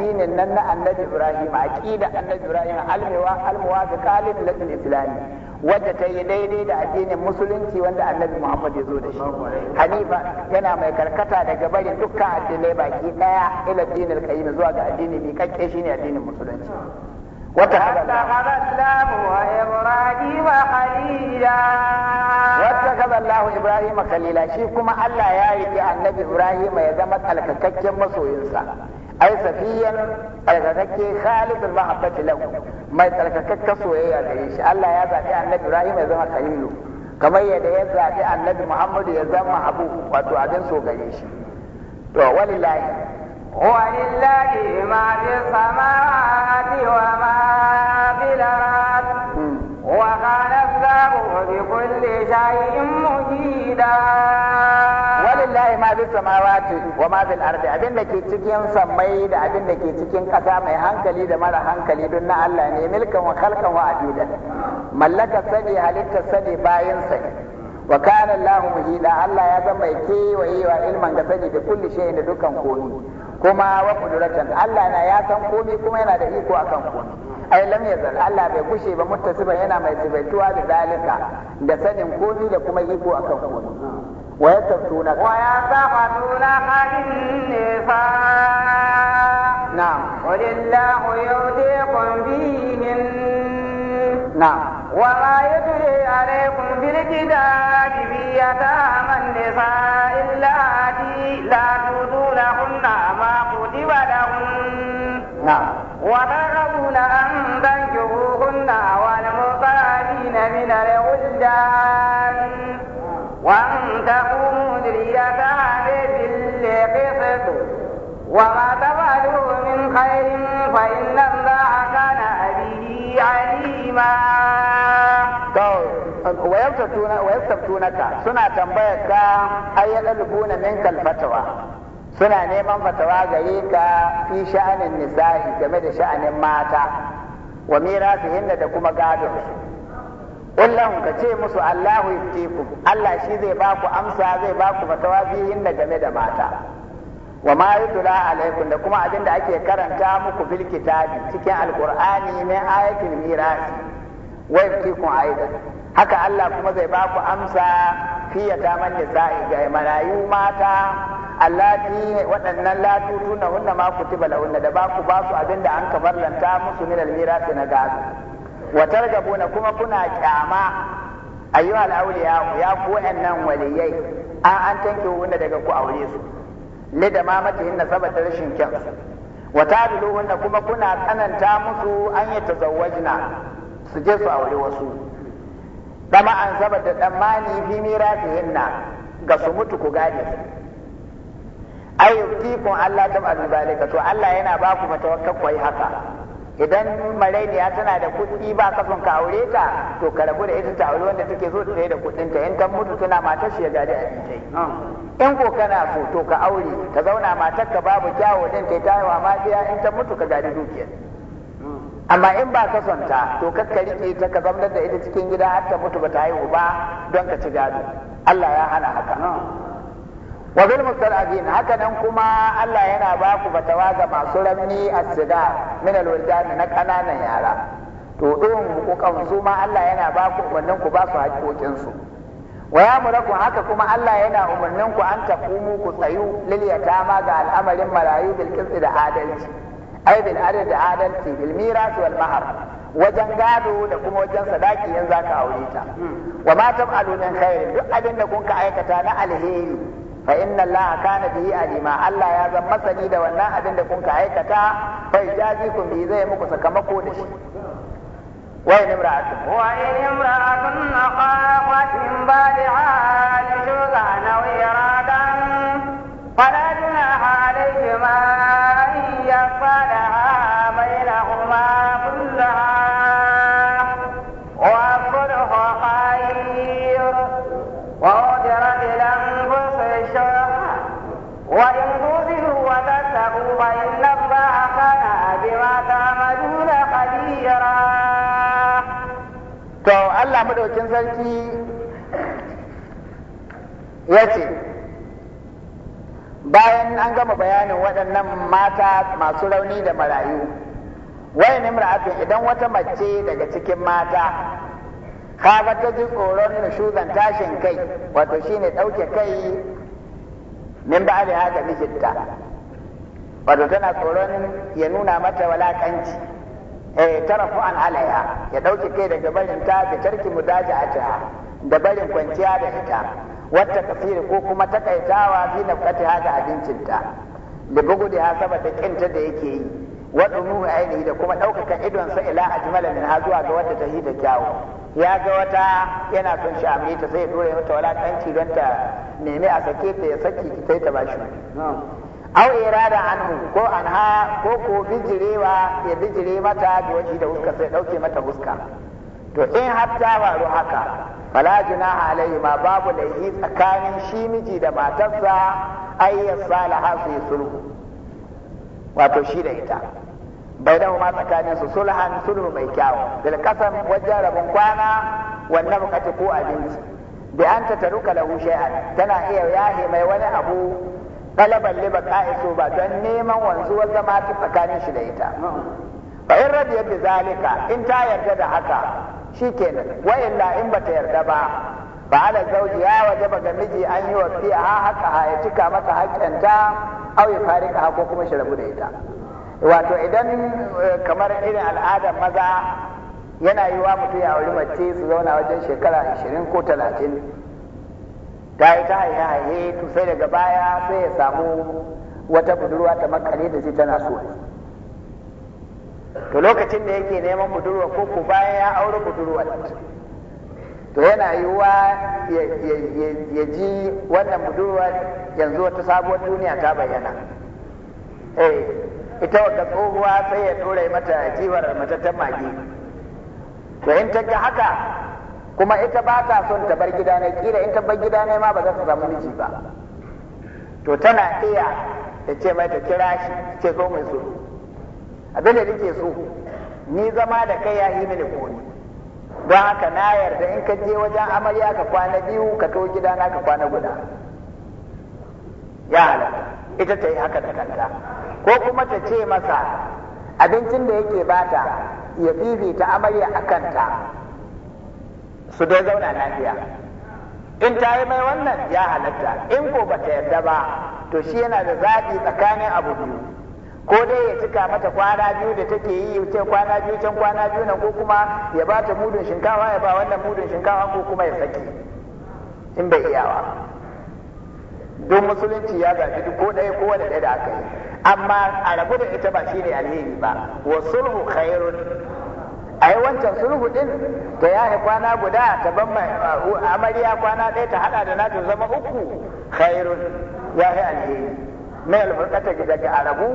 dinin nan na annabi ibrahim da annabi ibrahim almuwa almuwa da kalin lakin islami wadda ta yi daidai da addinin musulunci wanda annabi muhammad ya zo da shi hanifa yana mai karkata daga barin dukkan addinai baki daya ila dinin qayyim zuwa ga addini mai kakke shine addinin musulunci wata hada Allah wa Ibrahim khalila Allah Ibrahim khalila shi kuma Allah ya riƙe annabi Ibrahim ya zama tsalkakakken masoyinsa ai safiyan tsalkakakke khalidul mahabbati lahu mai tsalkakakken soyayya gare shi Allah ya zaɓi annabi Ibrahim ya zama khalilu kamar yadda ya zaɓi annabi ya zama wato abin so gare shi to walillahi بكل شيء huda walillahi ma bis samawati wa ma bil ardi abin da ke cikin sammai da abin da ke cikin ƙasa mai hankali da mara hankali don na Allah ne milkan wa khalqan wa abidan mallaka sani halitta sani bayin sani wa kana Allah Allah ya zama mai kewayewa ilman da da kulli shay'in da dukkan komi kuma wa qudratan Allah na ya san komi kuma yana da iko akan komi ai lam Allah bai gushe ba muttasiba yana mai sibaituwa da zalika da sanin komi da kuma iko akan komi wa yataftunaka wa yataftunaka inni fa na'am qul illahu yudiqum bihin na'am وما يتلي عليكم في الكتاب في يتامى النساء اللاتي لا تؤتونهن ما كتب لهن نعم وترغبون أن تنكحوهن والمقاتلين من الولدان وأن تقوموا لليتامى بالقسط وما تفعلوا من خير فإن الله كان به عليما بهما ويفتونك suna تنبيك أي يطلبون منك suna neman fatawa ga ka fi sha'anin nisa'i game da sha'anin mata wa mirasihin da kuma gadon Kullum ka ce musu Allahu yaftikum Allah shi zai baku amsa zai baku fatawa bihin da game da mata wa ma yutla alaikum da kuma abin da ake karanta muku bil kitabi cikin alqur'ani ne ayatul mirasi wa yutikum aida haka Allah kuma zai baku amsa fi yataman sa'i ga marayu mata allati waɗannan latutu na hunna ma kutiba lahunna da ku ba su abin da an kabarlanta musu min almirasi na gado wa targabuna kuma kuna kyama ayyuhal awliya ya ku wa'annan waliyai an an tanke wanda daga ku aure su li da mata nasaba saboda rashin kyan wa wanda kuma kuna tsananta musu an yi ta zawajina su je su aure wasu dama an da tsammani fi hinna ga su mutu ku gane ayyukikum Allah ta zalika to Allah yana ba ku wakakwai haka idan marainiya tana da kuɗi ba ka ka aure ta to ka rabu da ita ta aure wanda take so ta da kuɗin ta in ta mutu tana matar shi ya gadi a in ko kana so to ka aure ka zauna matar ka babu kyawu din kai ta yawa ma in ta mutu ka gadi dukiyar amma in ba ka son ta to kakka rike ta ka zaunar da ita cikin gida har ta mutu ba ta haihu ba don ka ci gado Allah ya hana haka wa bil mustad'afin haka nan kuma Allah yana ba ku fatawa ga masu ramni a siga min al na kananan yara to din hukukan su ma Allah yana ba ku umarnin ku ba su haƙoƙin su wa muraku haka kuma Allah yana umarnin ku an taqumu ku tsayu lil yatama ga al'amarin marayu bil qisti da adalci ai bil da adalci bil miras wal mahar wajen gado da kuma wajen sadaki yanzu zaka aure ta hmm. wa ma tab'alu min khairin duk abin da kun ka aikata na alheri fa inna allaha kana bihi alima Allah ya zan masani da wannan abin da kun ka aikata fa kun bi zai muku sakamako da shi wa in imra'atun wa in imra'atun aqaqat min ba'di 'ali shughana wa Allah madaukin sarki ya ce bayan an gama bayanin waɗannan mata masu rauni da marayu ne imra'atin idan wata mace daga cikin mata kaga ta ji tsoron shugan tashin kai wato shine ɗauke kai min ba da haka mijinta wato tana tsoron ya nuna mata walakanci eh tarafu an Alaya ya dauke kai daga barin ta da tarki ta da barin kwanciya da ita wata kafiri ko kuma takaitawa fi na ga abincinta da bugu da hasaba da kinta da yake yi wa dunuhu ainihi da kuma daukaka idon sa ila ajmala min ha zuwa ga wata tahi da kyawu ya ga wata yana son shi ta sai ya dora mata walakanci don ta nemi a sake ta ya saki ki ta bashi au irada anhu ko anha ko ko bijirewa ya bijire mata da waje da huska sai dauke mata huska to in hatta waru haka fala jinaha alaihi ma babu laifi tsakanin shi miji da matarsa ayyas salaha fi sulhu wato shi da ita bai da ma tsakanin su sulhan sulhu mai kyau. bil kasam wajen rabin kwana wannan bukati ko abinci bi anta ta taruka lahu shay'an tana iya yahe mai wani abu talaban liba iso ba don neman wanzuwar zama ta tsakanin shi da ita Ba in yadda zalika in ta yarda da haka shikenan wayan illa in bata yarda ba ba ala zauji ya waje ba ga miji an yi wasiya haka ha ya cika mata A au ya ka ko kuma shi rabu da ita wato idan eh, kamar irin al'adar maza yana yi mutum ya auri mace su zauna wajen shekara 20 ko 30 ta yi ta haihe haihe to sai daga baya sai ya samu wata budurwa ta makare da shi tana so to lokacin da yake neman budurwa ko ku bayan ya aure budurwa to yana yiwuwa ya ji wannan budurwa yanzu wata sabuwar duniya ta bayyana eh ita wata tsohuwa sai ya ɗora mata jiwar matattan mage to in ta haka kuma ita ba ta son ta bar gida ne kila in ta bar gida ne ma ba za ta samu miji ba to tana iya ta ce mai ta kira shi ce zo mai so abin da nake so ni zama da kai ya yi mini koyi don haka na yarda in ka je wajen amarya ka kwana biyu ka to gida na ka kwana guda ya ita ta yi haka da kanta ko kuma ta ce masa abincin da yake bata ya fifita amarya a kanta su dai zauna lafiya in ta yi mai wannan ya halatta in ko ba ta yarda ba to shi yana da zaɓi tsakanin abu biyu ko dai ya cika mata kwana biyu da take yi ce kwana biyu can kwana biyu nan ko kuma ya ba ta mudun shinkawa ya ba wannan mudun shinkawa ko kuma ya saki in bai iyawa don musulunci ya zaɓi duk ko ɗaya ko wani ɗaya da aka yi amma a rabu da ita ba shine alheri ba wa sulhu khairun a yi wancan sulhu din ta yaye kwana guda ta ban uh, amarya kwana ɗaya ta hada da nato zama uku khairun ya yi alheri mai alfurkata gida ga arabu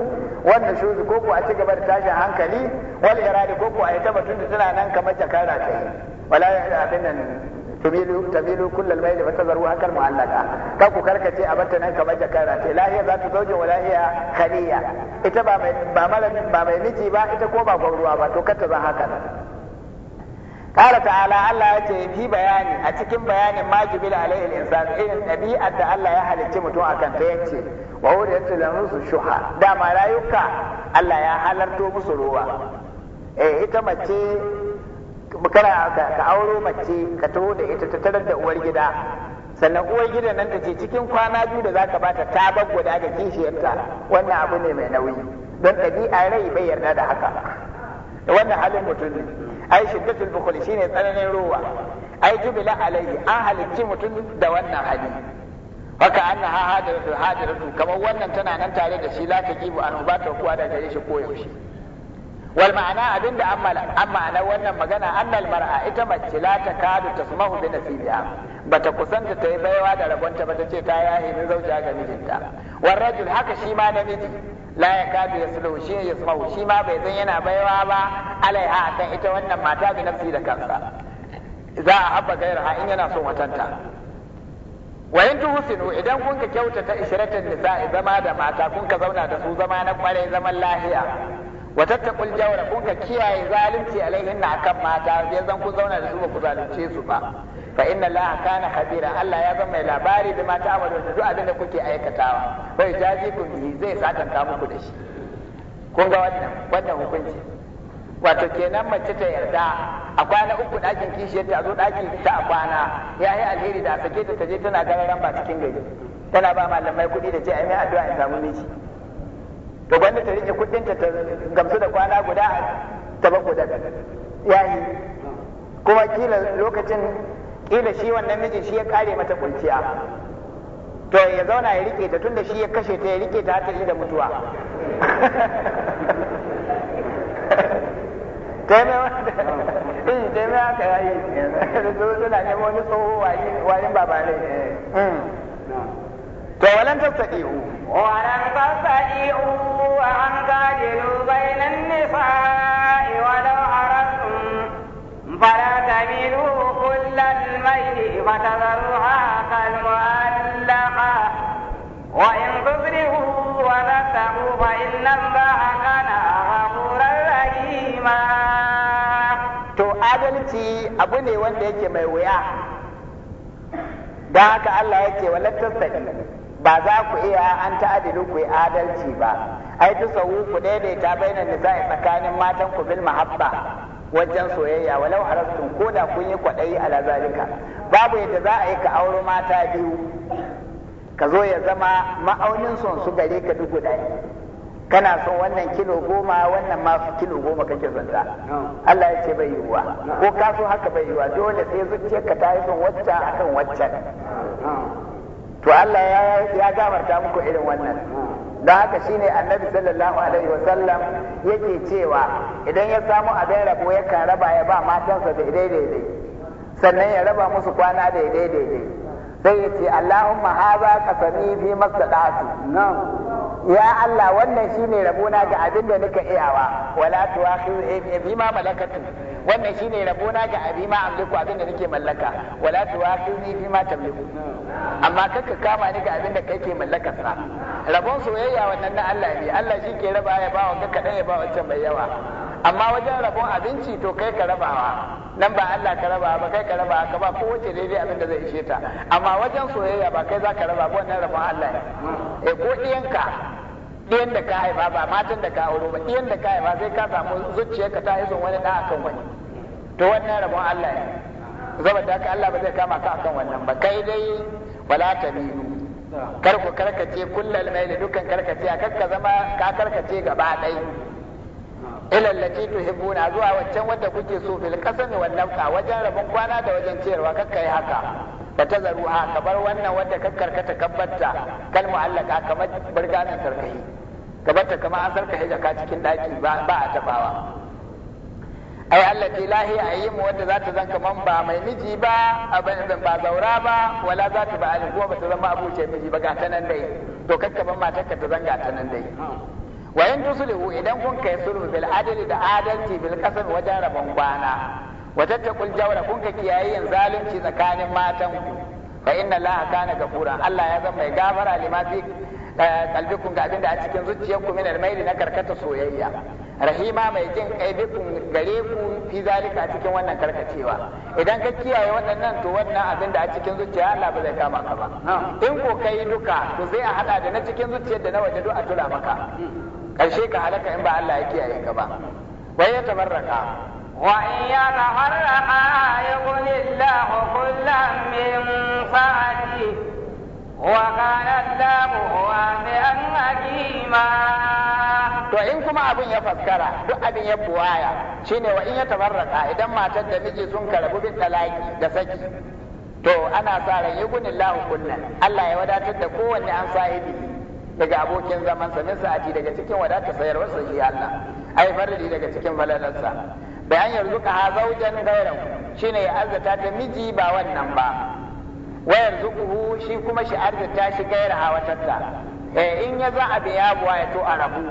su shuzu koko a cigaba da tashin hankali wal irari koko a yi tabbatun da tana nan kamar jakara ta yi wala ya abin nan tumilu tamilu kullal mayli wa tazaru akal mu'allaqa ka ku karkace a batta nan kamar jakara ce lahiya za ta zaujin wa lahiya khaliya ita ba mai miji ba ita ko ba gwauruwa ba to kar ta zan haka قال تعالى الله يتي في بياني أتكم بياني ما جبل عليه الإنسان إن نبي أدى الله يحل تمتو أكن فيكتي وهو يتي لنص الشحى دام لا يكا الله يحل تو إيه إتمتي kana ka auro mace ka taho da ita ta tarar da uwar gida sannan uwar gida nan ta ce cikin kwana biyu da zaka bata ta guda ga kishiyarta wannan abu ne mai nauyi don ɗabi'a rai bai yarda da haka wannan halin mutum ne ai shiddatul bukhul shine tsananin ruwa ai jubila alayhi an halicci mutum da wannan hali haka anna ha hadiratu hadiratu kamar wannan tana nan tare da shi la taqibu an ba ta kuwa da gare shi koyaushe wal ma'ana abinda an ma'ana wannan magana annal mar'a ita mace la ta kadu tasmahu bi nasibiha bata kusanta ta yi baiwa da rabonta ba ta ce ta yaye min zauja ga mijinta wal rajul haka shi ma namiji la ya kadu yasluhu shi yasmahu shi ma bai zan yana baiwa ba alaiha akan ita wannan mata bi nafsi da kansa za a habba gairaha in yana son watanta wa in idan kun ka kyautata ishratan nisa'i zama da mata kun ka zauna da su zama na kware zaman lahiya watattakul tattaqul jawra kun ka kiyaye zalunci alaihin na akan mata ya zan ku zauna da su ba ku zalunce su ba fa inna allaha kana khabira allah ya zama mai labari da mata amalu da duk abin da kuke aikatawa bai jaji kun bi zai satanta muku da shi kun ga wannan wannan hukunci wato kenan mace ta yarda a kwana uku ɗakin kishiyar ta zo ɗakin ta a kwana ya yi alheri da a sake ta taje tana gararan ba cikin gari tana ba malamai kuɗi da ce a mai addu'a in samu miji to wanda ta rike kudin ta ta gamsu da kwana guda ta ba kudin yayi kuma kila lokacin kila shi wannan mijin shi ya kare mata kunciya to ya zauna ya rike ta tunda shi ya kashe ta ya rike ta ta yi da mutuwa eh, mai haka yayi suna neman wani tsoho wayin babalai to walan tastati'u walan tastati'u wa an tajilu bainan nisa'i wa law aradtum fala tamilu kullal mayli fatadharuha kal mu'allaqa wa in tudrihu wa tattaqu fa inna allaha kana ghafuran rahima to adalci abu ne wanda yake mai wuya don haka Allah yake walattar sadi ba za ku iya an ta'adilu ku yi adalci ba ai tusawu ku daidaita baina nisa'i tsakanin matan ku bil mahabba wajen soyayya walau harastun ko da kun yi kwaɗayi ala zalika babu yadda za a yi ka auro mata biyu ka zo ya zama ma'aunin son su gare ka duk guda kana son wannan kilo goma wannan ma kilo goma kake zanta Allah ya ce bai yi wa ko ka so haka bai yi wa dole sai zuciyarka ta yi son wacce akan waccan to Allah ya gamarta muku irin wannan don haka shine annabi sallallahu alaihi wasallam yake cewa idan ya samu abin rabo yakan raba ya ba matansa daidai daidai sannan ya raba musu kwana daidai daidai sai ya ce Allahumma haza qasami fi maqsadati ya Allah wannan shine rabona ga abin da nika iyawa wala tuwakhidh bi ma malakatu wannan shine rabona ga abi ma amliku abin da nake mallaka wala tuwaqizni fi ma tamliku amma kaka kama ni ga abin da kake mallaka sa rabon soyayya wannan na Allah ne Allah shi ke raba ya bawa ka kadan ya ba wancan mai yawa amma wajen rabon abinci to kai ka rabawa nan ba Allah ka raba ba kai ka raba ka ba wace daidai abin da zai ishe ta amma wajen soyayya ba kai za ka raba ba wannan rabon Allah ne eh ko iyanka ɗiyan da ka haifa ba matan da ka auro ba ɗiyan da ka haifa sai ka samu ka ta yi wani na akan wani to wannan rabon Allah ne zaba da ka Allah ba zai kama ka akan wannan ba kai dai wala ta tamilu kar ku karkace kullal da dukkan karkace a kakka zama ka karkace gaba ɗai ilal lati tuhibbuna zuwa waccan wadda kuke so fil qasami wal nafqa wajen rabon kwana da wajen ciyarwa kakkai yi haka Da ta ha ka bar wannan wadda ka karkata ka batta kan mu'allaka kamar burganin sarkahi ka batta kamar an sarkahi jaka cikin daki ba a tabawa ai allati lahi ayyimu wadda za ta zan kaman ba mai miji ba abin zan ba zaura ba wala za ta ba ali kuma ba ta zama abuce miji ba gata nan dai to kakka ban ka ta zanga ta nan dai wa in tuslihu idan kun kai sulhu bil adli da adalci bil qasam wajen rabon kwana watattaqul jawra kun ka kiyaye zalunci tsakanin matan ku fa inna allaha kana gafura. Allah ya zama mai gafara lima fi eh, ga abinda a cikin zuciyarku min almaili na karkata soyayya rahima mai jin kaibikun gare ku fi zalika cikin wannan karkacewa idan ka kiyaye waɗannan to wannan abin da a cikin zuciya Allah ba zai kama ka ba in ko kai duka to zai a hada da na cikin zuciyar da na waje duk a tura maka hmm. karshe ka halaka in ba Allah ya kiyaye ka ba wai ya tabarraka وإن يظهر ما الله كلا من وكان الله حكيما to in kuma abin ya faskara duk abin ya buwaya shine wa in ya tabarraka idan matar da miji sun karabu bin talaki da saki to ana sa ran yugunin lahu Allah ya wadatar da kowanne an sahibi daga abokin zaman sa min daga cikin wadatar sayarwar sa shi Allah ai farri daga cikin falalarsa bayan yanzu ka zaujan gairan shine ya arzata ta miji ba wannan ba wa yanzu kuhu shi kuma shi arzata shi gaira hawatarta eh in ya za a biya buwa ya to a rabu.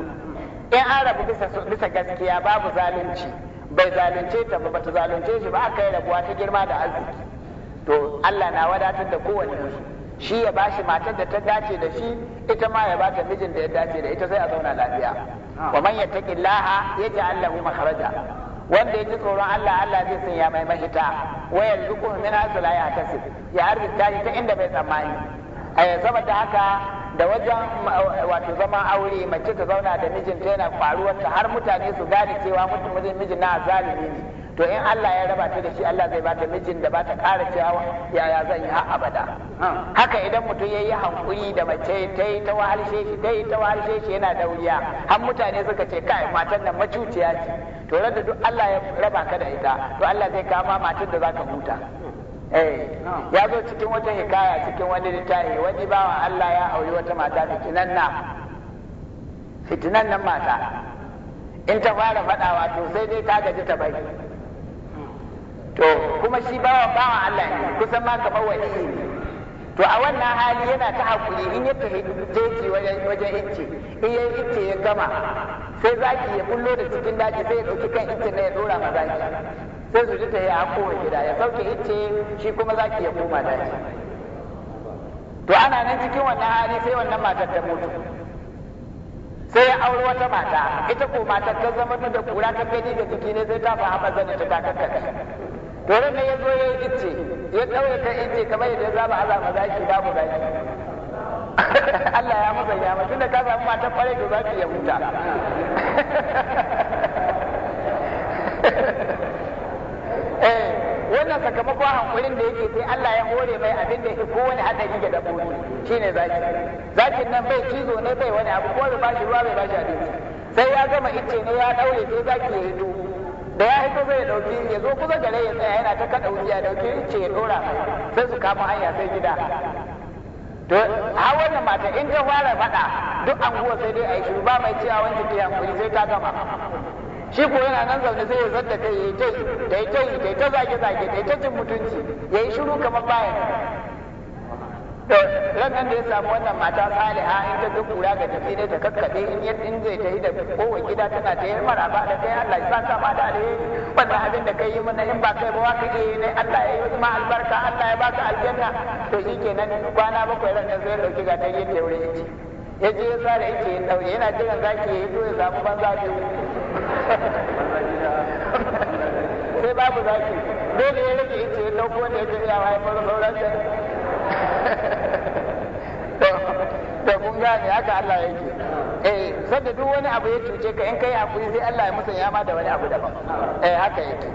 in arabu bisa bisa gaskiya babu zalunci bai zalunce ta ba bata zalunce shi ba aka yi rabuwa ta girma da arziki to Allah na wadatar da kowanne su shi ya bashi matar da ta dace da shi ita ma ya bata mijin da ya dace da ita sai a zauna lafiya wa man yattaqillaha yaj'al lahu makhraja wanda ya ji tsoron Allah Allah zai sanya mai mahita wayar zuku min hasala ya kasib ya arzikta ta inda bai tsammani a saboda haka da wajen wato zaman aure mace ta zauna da mijinta yana faruwar ta har mutane su gane cewa mutum mijin na zalimi ne to in Allah ya raba ta da shi Allah zai bata mijin da bata kara cewa yaya zan yi har abada haka idan mutum ya yi hankuri da mace ta yi ta wahalshe shi ta yi ta wahalshe shi yana wuya har mutane suka ce kai matan nan macuciya ce to da duk Allah ya raba ka da ita to Allah zai kama matan da zaka huta eh, ya zo cikin wata hikaya cikin wani littafi wani bawan Allah ya auri wata mata fitinan na fitinan nan mata in ta fara faɗawa to sai dai ta gaji ta bai to kuma shi wa bawa Allah ne kusan ma kamar wani ne to a wannan hali yana ta hakuri in yake tafi jeji wajen wajen icce in ya ince ya gama sai zaki ya bullo da cikin daji sai ya dauki kan ince ne ya dora ma zaki sai su ji ta ya kowa gida ya sauke ince shi kuma zaki ya koma daji to ana nan cikin wannan hali sai wannan matar ta mutu sai ya auri wata mata ita ko matar ta zama ta da kura ta kai da jiki ne sai ta fa haɓa zane ta ta kakkaɗe to ne ya zo ya yi icce ya ɗaure kan icce kamar yadda ya mu azama zaki da zaki Allah ya masa ya mutum da ka samu matan da to zaki ya huta eh wannan sakamakon hankulin da yake sai Allah ya hore mai abin da yake kowane hadari ga dabbobi shine zaki zakin nan bai cizo ne bai wani abu ko ba shi ruwa bai ba shi abinci sai ya gama ice ne ya ɗaure sai zaki ya hito da ya hito zai dauki ya zo kusa gare ya tsaya yana ta kada wuya dauki ice ya dora sai su kama hanya sai gida to a wannan mata in ta fara faɗa duk an anguwa sai dai a yi shiru ba mai cewa wancan ta hankuri sai ta gama shi ko yana nan zaune sai ya zadda kai ya yi ta yi ta yi ta zage zage ta yi ta cin mutunci ya yi shiru kamar bayan to ranar da ya samu wannan mata saliha in ta duk kura ga tafi ne ta kakkaɗe in ya in zai ta yi da kowa gida tana ta yi ba da kai Allah ya sa ba da alheri wannan abin da kai yi mana in ba kai ba ka yi ne Allah ya yi ma albarka Allah ya baka aljanna to shi kenan kwana bakwai ranar zai dauki ga ta yi daure yace ya je ya sare yake ya daure yana jiran zaki ya to ya samu banza biyu sai babu zaki dole ya rage yace ya dauko ne ya tafi ya fara sauran da kun gane haka Allah yake eh sanda duk wani abu ya cuce ka in kai hakuri sai Allah ya musanya ma da wani abu daban eh haka yake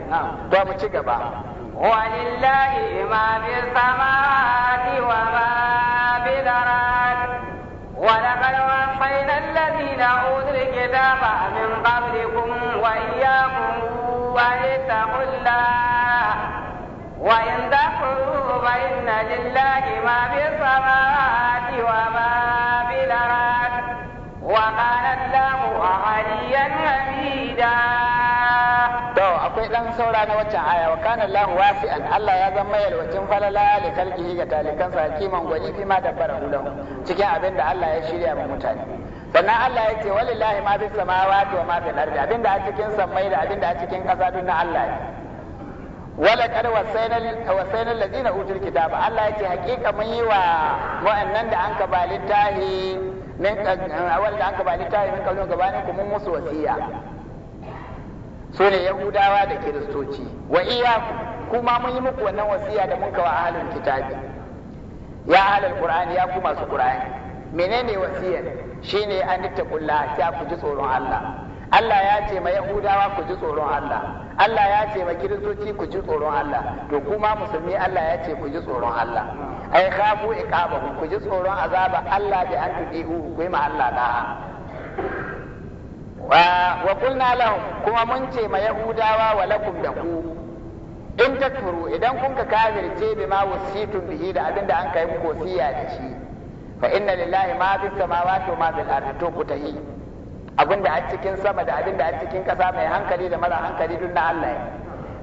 to mu ci gaba ولله ما في السماوات وما في الأرض ولقد وصينا الذين أوتوا الكتاب من قبلكم وإياكم أن اتقوا الله وإن تكفروا فإن لله ما في السماوات وما في الأرض وكان الله عليا حميدا akwai ɗan saura na waccan aya wa kana Allahu wasi'an Allah ya zama yalwacin falala li kalqihi ga talikan sa kiman gwani fi ma dabbara hulahu cikin abin da Allah ya shirya ma mutane sannan Allah ya ce walillahi ma bis samawati wa ma fil ardi abin da a cikin samai da abin da a cikin kasa duk na Allah ne wala kad wasainal ladina utul kitaba Allah ce hakika mun yi wa wa'annan da an ba littahi min awal da an min kallon gabanin ku mun musu wasiya sune yahudawa da kiristoci wa iya kuma mun yi muku wannan wasiya da mun kawa ahlul kitabi ya ahlul qur'ani ya ku masu qur'ani menene wasiyar shine an taqulla ya ku ji tsoron Allah Allah ya ce ma Yahudawa ku ji tsoron Allah Allah ya ce ma Kiristoci ku ji tsoron Allah to kuma musulmi Allah ya ce ku ji tsoron Allah ai khafu iqabahu ku ji tsoron azaba Allah da an tudihu ku yi ma Allah da wa wa qulna lahu kuma mun ce ma Yahudawa wa lakum da ku in takfuru idan kun ka kafirce bima wasitun bihi da abinda an kai muku wasiya da shi fa inna lillahi ma fis samawati wa ma fil ardi to ku tahi abin da a cikin sama da abin da a cikin ƙasa mai hankali da mara hankali duk na Allah ne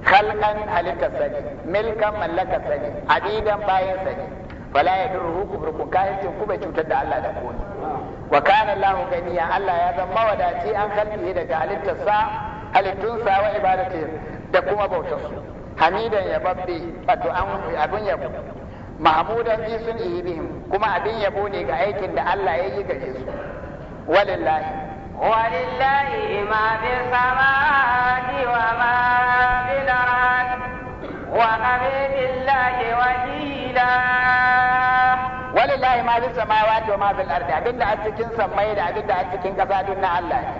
khalqan halittar sani milkan mallakar sani adidan bayan sani fala ya durruhu kubrukun kayan ku bai cutar da Allah da komai wa kana Allahu ganiya Allah ya zama mawadaci an khalqihi daga halittarsa sa, wa ibadati da kuma bautar su. hamidan ya an wato abin yabo mahmudan fi sun bihim kuma abin yabo ne ga aikin da Allah ya yi gare su walillahi ولله ما في السماوات وما في الأرض وكفى بالله وكيلا ولله ما في السماوات وما في الأرض abinda a cikin sammai da abinda a cikin ƙasa duk na Allah ne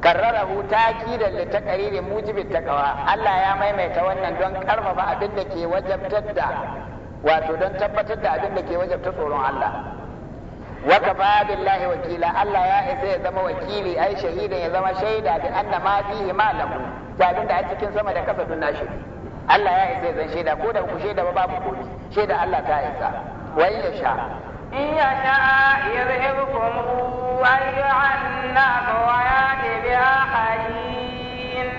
karrarahu takidan da taqririn mujibin taqwa Allah ya maimaita wannan don karfafa abin da ke wajabtar da wato don tabbatar da abin da ke wajabta tsoron Allah wa kafa billahi wakila Allah ya isa ya zama wakili ai shahidan ya zama shaida bi anna ma fihi da a cikin sama da kasa sunna shi Allah ya isa ya zan shaida ko da ku shaida ba babu koki shaida Allah ta isa wa in sha in ya sha wa yu'annakum wa yati bi akharin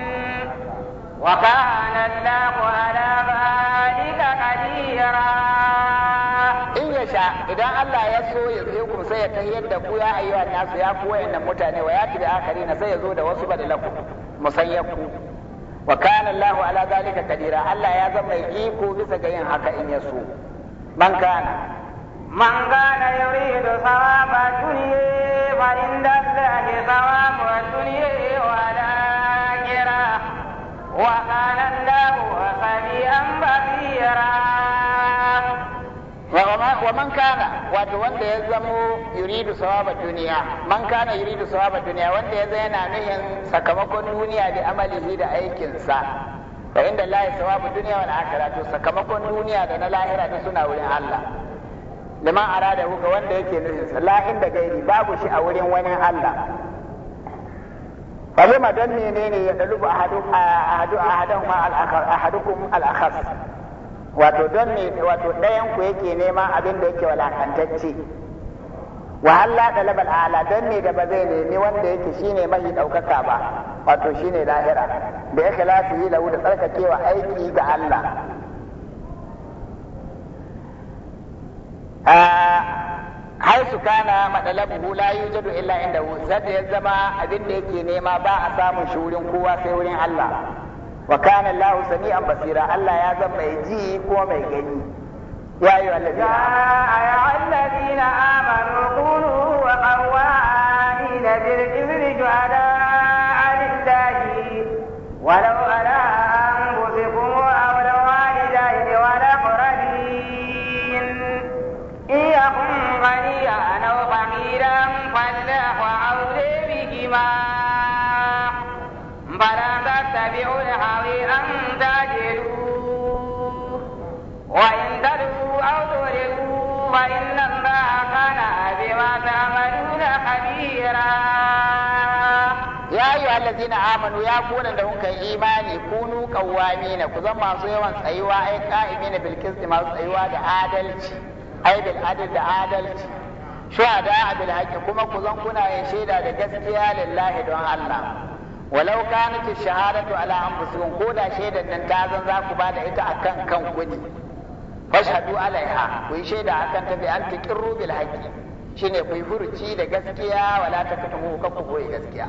wa kana Allahu ala dhalika qadira sha idan Allah ya so ya tsaye ku sai ya tayyar yadda ku ya ayyuhan nasu ya ku wayannan mutane wa da akari na, sai ya zo da wasu badalaku musayyaku wa kana Allahu ala zalika kadira Allah ya zama mai iko bisa ga yin haka in ya so man kana man kana yuridu sawaba dunya fa inda Allahi thawabu dunya wa la akhirah wa kana Allahu khabiran basira wa man kana wato wanda ya zamo yuridu sawaba duniya man kana yuridu sawaba duniya wanda ya yana nuhin sakamakon duniya da amalihi da aikinsa fa inda lahi sawabu duniya wal akhirah to sakamakon duniya da na lahira da suna wurin Allah liman arada ga wanda yake nuhin sa lahin da gairi babu shi a wurin wani Allah fa lima dan menene ya dalubu ahadu ahadu ahadan ma al ahadukum al akhas wato don ne wato ɗayan ku yake neman abin da yake walakantacce wa halla talabal ala don ne da ba zai nemi wanda yake shine mahi ɗaukaka ba wato shine lahira da yi lahu da tsarkakewa aiki ga Allah su kana maɗalabuhu la yujadu illa inda sadda ya zama abin da yake nema ba a samun shi wurin kowa sai wurin Allah wa kana basira Allah ya zama mai ji ko mai gani ya ayu alladhina ya alladhina amanu qulu wa qawwa'ina bil qisti juhada lillahi walau ala anfusikum aw law walidayhi wa la qarabin iyakum فلا تتبعوا الهوي أن تعدلوه وإن تدعوا أو تغلقوا فإن الله كان بما تعملون خبيرا ya yi allazi na amanu ya kuna da kuka imani kunu kawami na ku zama masu yawan tsayuwa ai ka'imi na bilkis masu tsayuwa da adalci ai bil adil da adalci shuhada bil haqqi kuma ku zan kuna yin shaida da gaskiya lallahi don Allah walau kanat shahadatu ala anfusikum ko da shaidar nan ta zan za ku bada ita akan kan kudi fashhadu alaiha ku yi shaida akan ta bi an tiqirru bil haqqi shine ku yi furuci da gaskiya wala takatuhu ka ku goyi gaskiya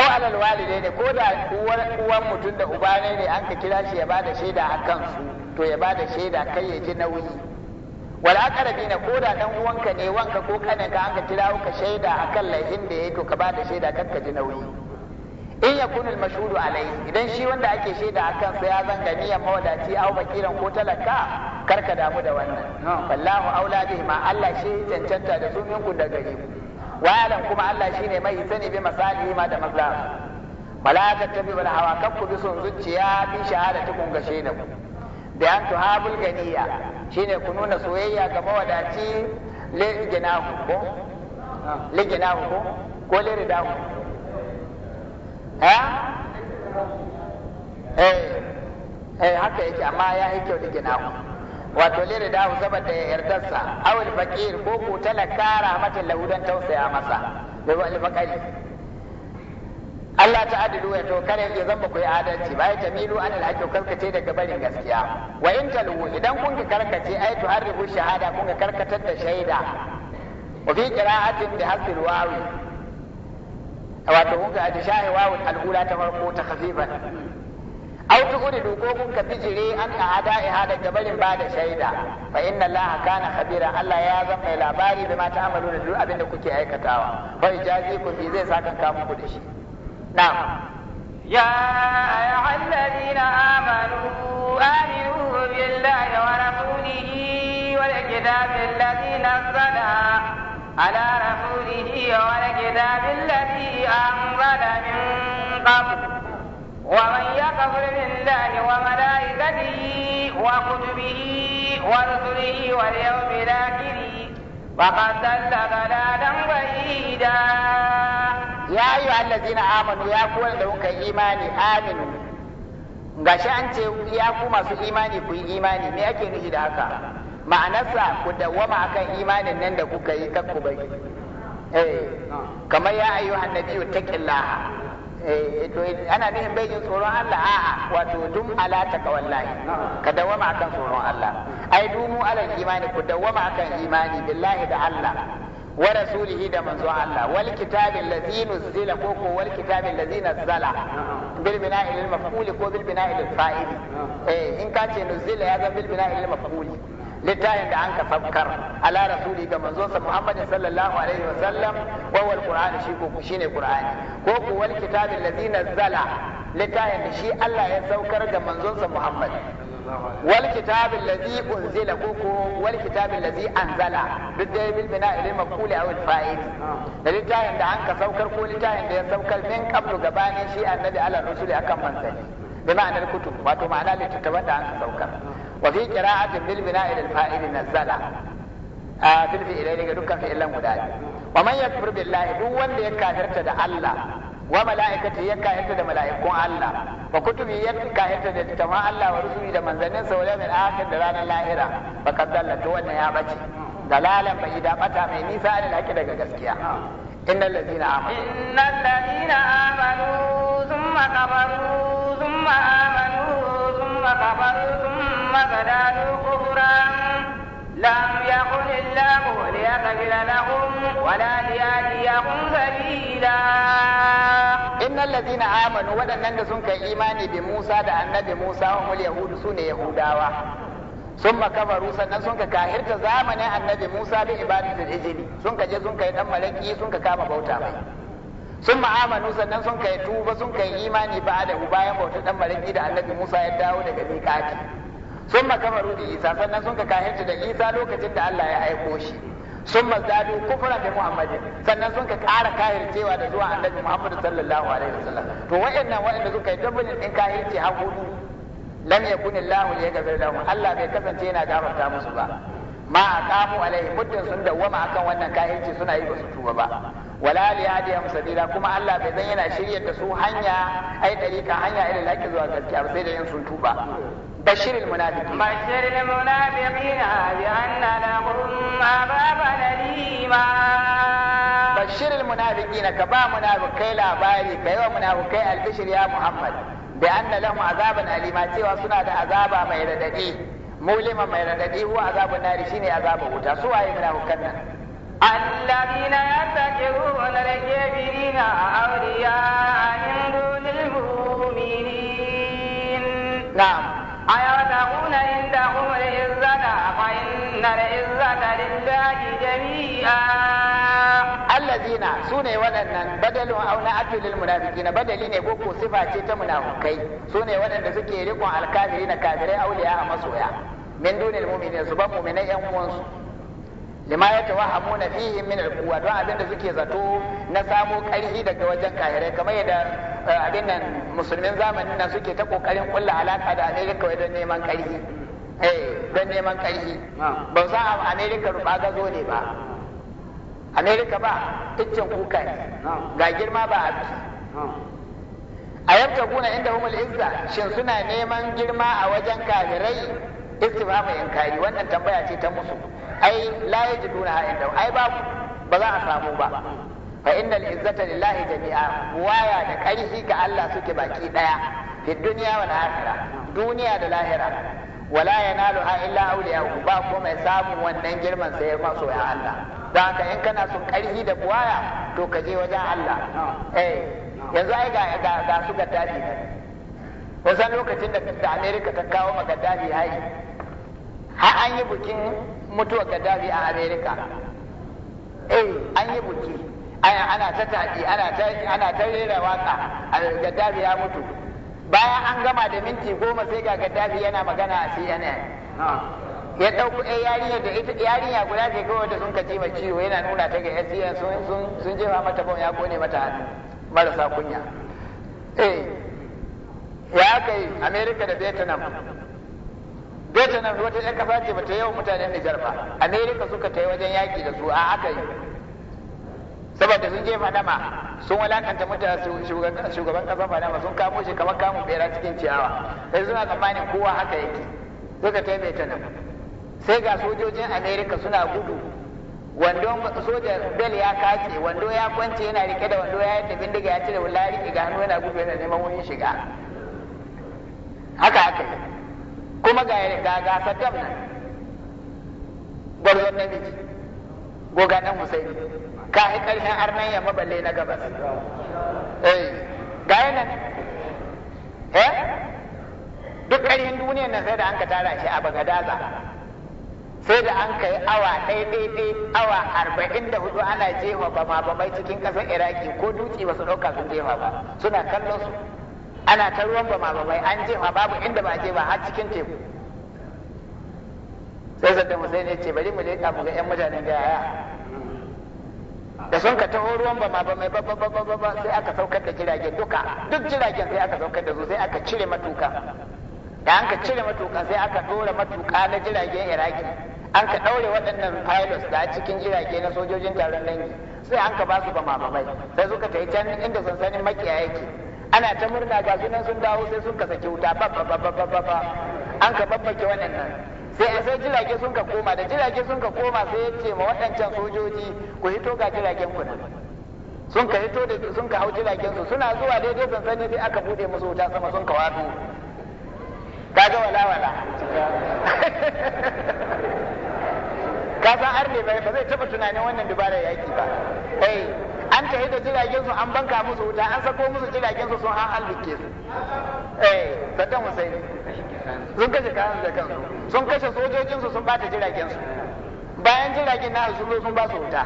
aw alal ne ko da uwar uwan mutum da uba ne ne an ka kira shi ya bada shaida akan su to ya bada shaida kai ya ji nauyi wala aqrabina ko da dan uwanka ne wanka ko ka an ka kira ka shaida akan laifin da yake to ka bada shaida kakka ji nauyi in ya kunul mashudu alai idan shi wanda ake shaida akan sa ya zanga niyyar mawadaci au fakiran ko talaka karka damu da wannan wallahu aula bihi ma Allah shi cancanta da su minku da gare Wa wa'alan kuma Allah shine mai sani bi masali ma da maslaha wala tattabi wal hawa kakku bi son zuciya bi shahadatukum ga shaida ku da an tuhabul ganiya shine ku nuna soyayya ga mawadaci le ginahu ko le ginahu ko le ridahu Eh? Eh. eh haka yake amma ya yi kyau da gina wato lera da hau saboda ya yardarsa awul faqir ko ko talaka rahmatan lahu dan tausaya masa da wal faqari Allah ta'adilu ya to kare ya zamba ku adalci bai tamilu an alhaqi karkace daga barin gaskiya wa in talu idan kun ka karkace ai to harribu shahada kun ka karkatar da shaida wa fi qira'atin bi hasbil wawi wato kun ga atishahi wawul al'ula ta farko ta khafifan aw tuqridu ko kun ka bijire an ahada ihada gabarin ba da shaida fa inna allaha kana khabira allah ya zama mai labari bima ta'maluna duk abin da kuke aikatawa fa ijazi ku bi zai saka ka muku da shi na'am ya ayyuhalladhina amanu aminu billahi wa rasulihi wal kitabi alladhi nazzala على رسوله والكتاب الذي أنزل من قبل ومن يكفر بالله وملائكته وكتبه ورسله واليوم الآخر فقد دل ضلالا بعيدا يا أيها الذين آمنوا يا كل لونك إيماني آمنوا gashi an ce ya ku masu imani ku yi imani me ake nufi da haka ma'anarsa ku dawwama akan imanin nan da kuka yi kakku bai eh kamar ya ayyu annabi taqillah eh to ana nufin bai jin tsoron Allah a'a wato dum ala taqwallahi ka dawwama akan tsoron Allah ai dumu ala imani ku dawwama akan imani billahi da Allah wa rasulihi da manzo Allah wal kitabil ladzi nuzila ko ko wal kitabil ladzi nazala bil bina'il maf'ul ko bil bina'il fa'il eh in ka ce nuzila ya zan bil bina'il maf'ul littafin da an ka sabkar ala rasuli ga manzon sa Muhammadin sallallahu alaihi wa sallam wa wal qur'ani shi ko shine qur'ani ko ku wal kitabil ladzi nazzala littafin da shi Allah ya saukar ga manzon sa Muhammad wal kitabil ladzi unzila ko ko wal kitabil ladzi anzala duk da bil bina ilal maquli aw al fa'il da littafin da an ka saukar ko littafin da ya saukar min qablu gabanin shi annabi ala rasuli akan manzali bi ma'anar kutub wato ma'ana littattafan da an ka saukar wa fi qira'atin bil bina'i lil fa'ili nazala a fil fi'ilai ga dukkan fi'ilan guda wa man yakfur billahi duk wanda ya kafirta da Allah wa mala'ikati ya kafirta da mala'ikun Allah wa kutubi ya kafirta da tama Allah wa rusuli da manzannin sa wala min akhir da ranar lahira fa kadalla to wannan ya bace dalalan bai da bata mai nisa da daga gaskiya innal ladina كفروا ثم زدادوا كفرا لم يكن الله ليغفر لهم ولا ليهديهم سبيلا إن الذين آمنوا ودنن سنك إيماني بموسى دا النبي موسى هم اليهود سنة يهوداوا sun makafaru sannan sun ka kahirta zamanin annabi musa bi ibadatul ijili sun ka je sun ka yi dan malaki sun ka kama bauta mai sun ma'amanu sannan sun kai tuba sun kai imani ba da bayan bauta dan maraki da annabi Musa ya dawo daga miƙati sun kamaru da Isa sannan sun ka kahinci da Isa lokacin da Allah ya aiko shi sun zadu kufra da Muhammadin sannan sun ka ƙara kahircewa da zuwa annabi Muhammad sallallahu alaihi wasallam to wayannan wayanda suka yi dabbin din kahirci ha hudu lam yakun Allah liyaghfir lahum Allah bai kasance yana gafarta musu ba ma aqamu alaihi muddin sun dawwama akan wannan kahirci suna yi ba su tuba ba wala li hadiyahum sabila kuma Allah bai zan yana shiryar da su hanya ai dariƙa hanya irin laki zuwa gaskiya ba sai da yin sun tuba بشر المنافقين بشر المنافقين بأن لهم عذابا أليما بشر المنافقين كبا منافقي لا باري كيوا منافقي البشر يا محمد بأن لهم عذابا أليما سوى سنة عذابا ما يرددي مولما ما يرددي هو عذاب النار شيني عذاب وتا سوى منافقنا الذين يتخذون الكافرين أولياء من دون المؤمنين نعم أيبتغون عندهم العزة فإن العزة لله جميعا allazina su ne waɗannan badalin auna atulil munafiqina badali ne ko sifa ce ta munafukai sune waɗanda suke rikon alkafiri na kafirai auliya a masoya min dunil mu'minin su ban mu'minai yan uwansu lima ya tawahamu na fihi min alquwa don abin da suke zato na samo karhi daga wajen kahirai kamar yadda eh, abin nan musulmin zamanin nan suke ta kokarin kulla alaka da Amerika wajen neman karhi eh don neman karhi ba za a Amerika ruba gazo ne ba Amerika ba iccen kuka ne ga girma ba a a yabta guna inda humul izza shin suna neman girma a wajen kahirai mai inkari wannan tambaya ce ta musu ai la yajiduna inda ai babu ba za a samu ba fa innal izzata lillahi jami'a waya da ƙarfi ga Allah suke baki daya fi dunya wal akhirah duniya da lahira wala yanaluha illa awliya ba ko mai samun wannan girman sai maso ya Allah don haka in kana son ƙarfi da buwaya to ka je wajen Allah eh yanzu ai ga ga su gaddafi kusan lokacin da Amerika ta kawo ma gaddafi hari har an yi bukin mutuwar gaddafi a amerika eh an yi buki ana ta taɗi ana ta rera waka gaddafi ya mutu bayan an gama da minti goma sai ga gaddafi yana magana a cnn ah. ya ɗauko ɗaya yarinya da ita yarinya guda ke kawai da sun kaci mai ciwo yana nuna ta ga scn sun jefa mata bom ya kone mata marasa kunya eh ya kai amerika da vietnam Vietnam wata ɗan kafa ce bata yawan mutanen Nijar ba Amerika suka yi wajen yaƙi da su a aka yi saboda sun je nama sun walakanta mutane shugaban ba nama sun kamo shi kamar kamun bera cikin ciyawa sai suna tsammanin kowa haka yake suka tai nan. sai ga sojojin Amerika suna gudu wando sojan bel ya kace wando ya kwance yana rike da wando ya yadda bindiga ya cire wula rike ga hannu yana gudu yana neman wurin shiga haka aka yi kuma ga ga ga saddam nan gwarzon namiji goga nan husaini ka yi karshen arnan yamma balle na gabas eh ga yana eh duk karshen duniyar nan sai da an ka tara shi a bagadaza sai da an ka yi awa ɗaya ɗaya awa arba'in da hudu ana jefa ba mai cikin ƙasar iraki ko dutse ba su ɗauka sun jefa ba suna kallon su ana ta ruwan ba mamabai an jefa babu inda ba je ba har cikin teku sai sadda musayin ya ce bari mu leƙa mu ga 'yan mutanen yaya da sun ka taho ruwan ba ma ba mai babba babba babba sai aka saukar da jiragen duka duk jiragen sai aka saukar da su sai aka cire matuka da an ka cire matuka sai aka dora matuka na jiragen iraki an ka daure waɗannan pilots da cikin jirage na sojojin taron dangi sai an ka ba su ba mamamai sai suka yi can inda sun sani makiya yake ana ta murna ga sunan sun dawo sai sun ka kyauta wuta babba an ka babbake wannan nan, sai sai jirage sun ka koma da jirage sun ka koma sai ya ce ma waɗancan sojoji ku hito ga jiragen ku nan sun ka hito da sun ka hau jiragen su suna zuwa daidai sansani sai aka bude musu wuta sama sun ka wato ga wala wala ka san arne ba zai taba tunanin wannan dubara yaki ba eh an tafi da jiragen su an banka musu wuta an sako musu jiragen su sun an halbuke su eh saddam husaini sun kashe kayan da kansu sun kashe sojojin su sun bata jiragen su bayan jiragen na su sun ba su wuta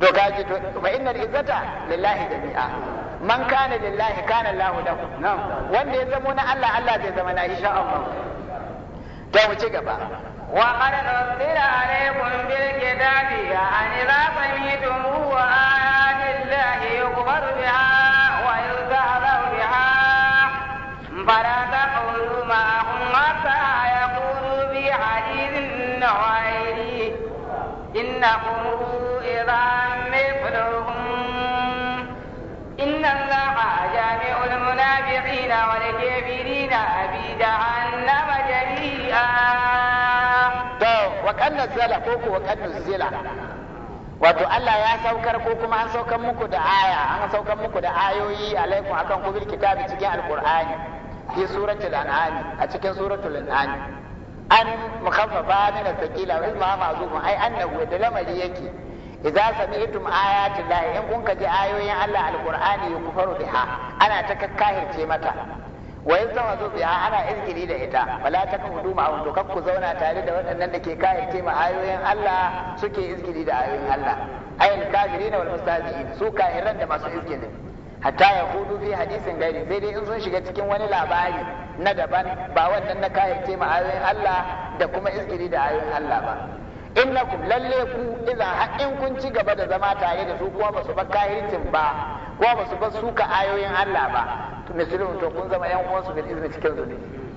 to kaji to fa innal izzata lillahi jami'a man kana lillahi kana lahu na'am wanda ya zama na Allah Allah zai zama na insha Allah ta mu ci gaba وقد نزل عليكم بالكتاب أن إذا سميتموه آيات الله يكفر بها ويستهزأ بها فلا تقولوا معهم حتى يقولوا في حديث غيره إنكم إذا مثلهم إن الله جامع المنافقين والكافرين في جهنم جميعا wa kan zala ko ku wa zila wato Allah ya saukar ko kuma an saukar muku da aya an saukar muku da ayoyi alaikum akan kubil kitabi cikin alqur'ani fi suratul an'am a cikin suratul an'am an mukhaffafa min al-thaqila wa ma ma'zum ai annahu da lamari yake idza sami'tum ayati llahi in kun kaji ayoyin Allah alqur'ani yukfaru biha ana ta kakkahirce mata wayan sama zo biya ana izgili da ita wala ta kan hudu ma'ahum to ku zauna tare da waɗannan da ke kayyace ma ayoyin Allah suke izgili da ayoyin Allah ayin kafirin wal mustazi'in su kafiran da masu izgili hatta ya hudu fi hadisin gari sai dai in sun shiga cikin wani labari na daban ba wannan na kayyace ma ayoyin Allah da kuma izgili da ayoyin Allah ba innakum lalle ku iza haƙin kun ci gaba da zama tare da su kuma ba su bar kahircin ba kuma ba su bar suka ayoyin Allah ba to kun zama yan uwansu da izini cikin zunubi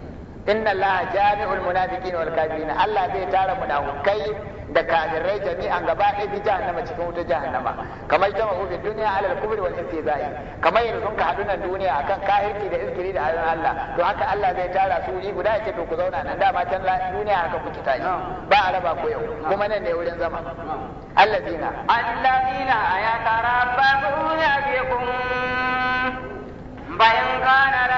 inna Allah jami'ul munafiqin wal kafirin Allah zai tara munafikai da kafirai jami'an gaba ɗaya fi jahannama cikin wuta jahannama kamar jama fi duniya alal kubri wal istizai kamar yanzu ka haɗu nan duniya akan kafirki da iskiri da ayoyin Allah to haka Allah zai tara su yi guda yake to ku zauna nan da ma can duniya haka kuke tashi ba a raba ko yau kuma nan ne wurin zama allazina allazina yatarabbuna bikum bayan kana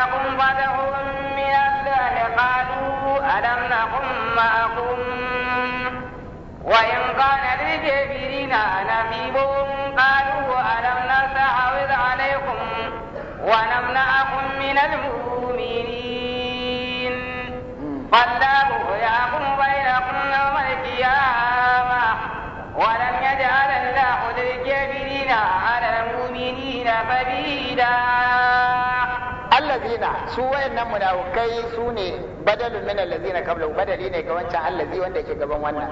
ألم نقم معكم وإن كان للكافرين نصيبهم قالوا ألم نستحوذ عليكم ونمنعكم من المؤمنين فالله يحكم بينكم يوم القيامة ولم يجعل الله للكافرين على المؤمنين سبيلا الذين سوى إنهم وكيسوني badalun min allazina qablahu badali ne ga wancan allazi wanda yake gaban wannan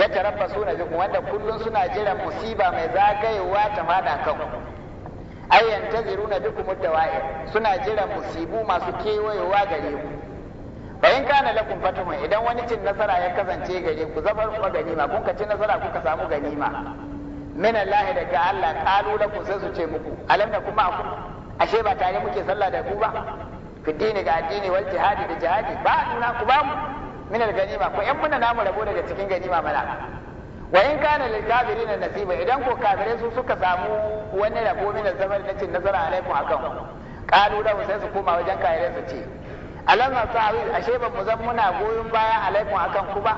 ya tarabbasu na bikum wanda kullun suna jiran musiba mai zagayewa ta fada kan ay yantaziruna bikum dawa'i suna jiran musibu masu kewayowa gare ku bayan kana lakum fatuma idan wani cin nasara ya kasance gare ku zafar ku ganima kun ka ci nasara kuka samu ganima min Allah daga Allah kalu lakum sai su ce muku alam na kuma ashe ba tare muke sallah da ku ba fi dini ga addini wal jihadi da jihadi ba nuna ku ba mu min al ganima ko yan muna namu rabo daga cikin ganima mana wa in kana lil kafirin nasiba idan ko kafirai su suka samu wani rabo min al na cin nazara alaikum akan kalu da sai su koma wajen kafirai su ce alam sa'id ashe ba mu zan muna goyon baya alaikum akan ku ba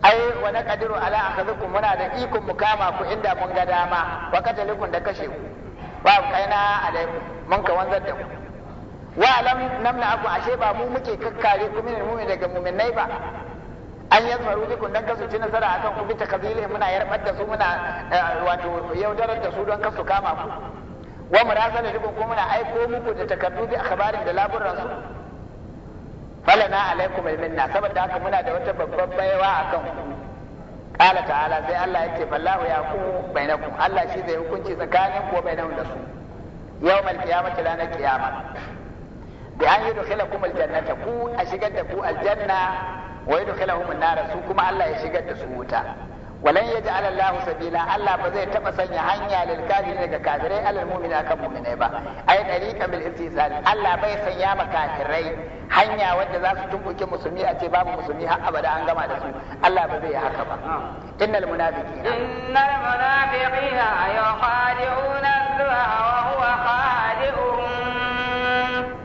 ai wa na kadiru ala akhadhukum muna da ikon mu kama ku inda mun ga dama wa katalikun da kashe ku ba kaina alaikum mun ka wanzar da ku wa lam namna aku ashe ba mu muke kakkare ku minal mu'min daga mu'minai ba an yi faru dukun dan kasu ci nasara akan ku bita kabilin muna yarbar da su muna eh, wato yaudarar da su don kasu kama ku wa murasala dukun ko muna aiko muku da takardu bi akhbarin da laburan su falana alaikum alminna saboda haka muna da wata babban bayawa akan ku qala ta'ala sai Allah yake fallahu yaqumu bainakum Allah shi zai hukunci tsakanin ku bainakum da su yawmal qiyamati ranar Kiyama. Da an yudkhilakum aljannata ku a shigar da ku aljanna wa yudkhilahum an-nar su kuma Allah ya shigar da su wuta walan yaj'al alallahu sabila Allah ba zai taba sanya hanya lil kafirin ga kafirai alal mu'min akan mu'minai ba ai tariqan bil istisal Allah bai sanya ma kafirai hanya wadda za su tumbuke musulmi a ce babu musulmi har abada an gama da su Allah ba zai yi haka ba innal munafiqina innal munafiqina yukhadi'una Allah wa huwa khadi'uhum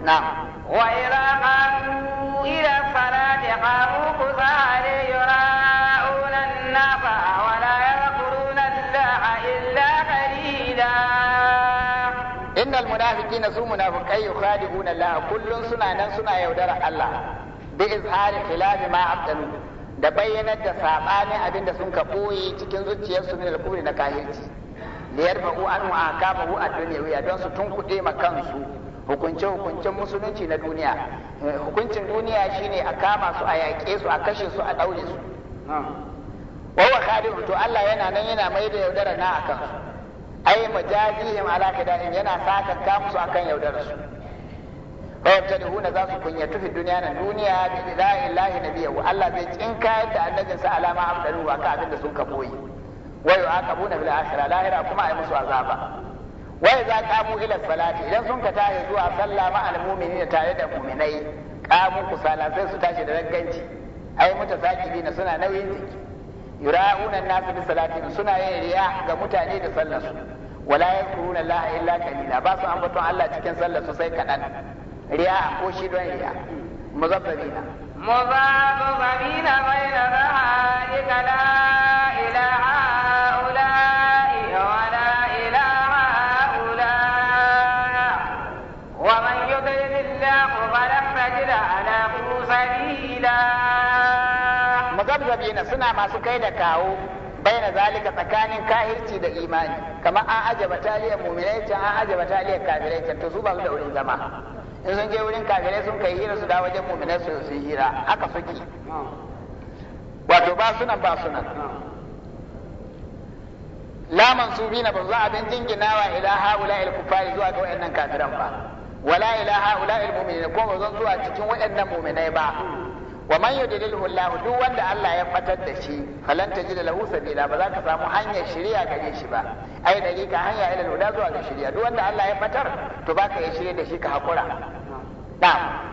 نعم وإذا قاموا إلى الصلاة قاموا كسالى يراءون الناس ولا يذكرون الله إلا قليلا إن المنافقين سو منافقين يخادعون الله كل سنة سنة يودر الله بإظهار خلاف ما أبطلوا da bayyanar da saɓanin abin da sun ka ɓoye cikin zuciyarsu ne da kuri na kahirci liyar fa'u an wa aka fa'u a duniya don su tunkuɗe ma kansu hukunce-hukuncen musulunci na duniya eh, hukuncin duniya shine a kama su a yaƙe su a kashe su a ɗaure su wawa khadim to Allah yana nan yana mai da yaudara na akan su ai majazihim ala kadain yana saka ka su akan yaudara su fa yabtadihuna za su kunya tufi duniya na duniya bi ilahi ilahi nabiyahu Allah bai tsinka da annabin sa alama abdaru wa ka abinda da sun kaboyi wayu akabuna bil akhirah lahira kuma ai musu azaba wai za kamu ila salati idan sun ka tashi zuwa sallah ma almu'mini tare da mu'minai kamu kusala sai su tashi da ragganci ai muta sakibi na suna nauyin jiki yura'una nasu bi salati suna yin riya ga mutane da sallar su wala yakuruna Allah illa kalila ba su ambaton Allah cikin sallar su sai kadan riya ko shi don riya muzabbina muzabbina bayna ra'aika la baina suna masu kai da kawo baina zalika tsakanin kahirci da imani kamar an aje bataliyar mumina can an aje bataliyar kafirai can to su ba su da wurin zama in sun je wurin kafirai sun kai hira su da wajen mu'minai su su hira haka suke wato ba sunan ba sunan la mansubina ba za abin wa ila haula il kufari zuwa ga wayannan kafiran ba wala ila haula il mumina ko ba zan zuwa cikin wayannan mu'minai ba wa man yudlilhu Allah duk wanda Allah ya fatar da shi falan tajid lahu sabila ba za ka samu hanyar shari'a gare shi ba ai ka hanya ila huda zuwa ga shari'a duk wanda Allah ya fatar to baka ya shirye da shi ka hakura na'am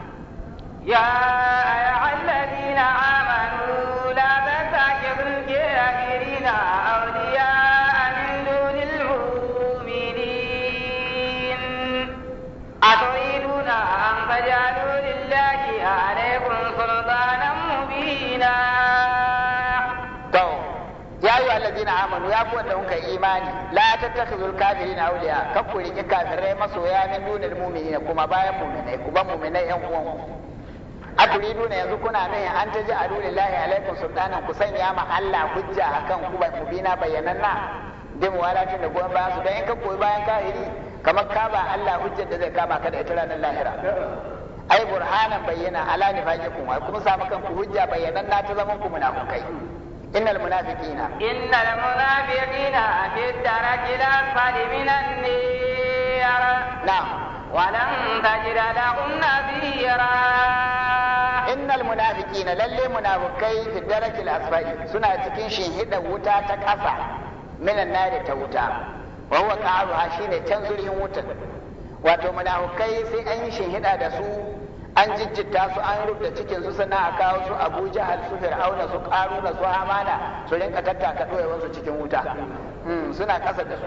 يا أيها الذين آمنوا لا تتخذوا الكافرين أولياء من دون المؤمنين أتريدون أن تجعلوا lillahi alaikum sultanan mubina to ya yi wanda amanu ya kuwa da kuka imani la tattakhidhu alkafirina awliya ka ku rike kafirai masoya min dunal mu'minina kuma bayan mu'minai kuma mu'minai yan uwan a turidu na yanzu kuna nan an taji a rulin lahi alaikun sultanan ku sanya ma Allah hujja akan kan ku bai mubina bayanan na dim walakin da goyon bayan su dan in ka koyi bayan kafiri kamar ka ba Allah hujjar da zai kama ka da ita ranar lahira ai burhanan bayyana ala nifaqikum wa kun samu kanku hujja bayyanan na ta zaman ku munafikai innal munafiqina innal munafiqina fi darakil asfal minan nar na'am wa lan tajida lahum nadhira innal munafiqina lalle munafikai fi darakil asfal suna cikin shinhidan wuta ta kasa minan nar ta wuta wa huwa ka'aruha shine can zurhin wutan. wato munafikai sai an yi shinhida da su an jijjita su an rubuta cikin su sana a kawo su abu jahal su fir'auna su karuna su hamana su rinka tattaka doyawar su cikin wuta hmm, suna kasa da su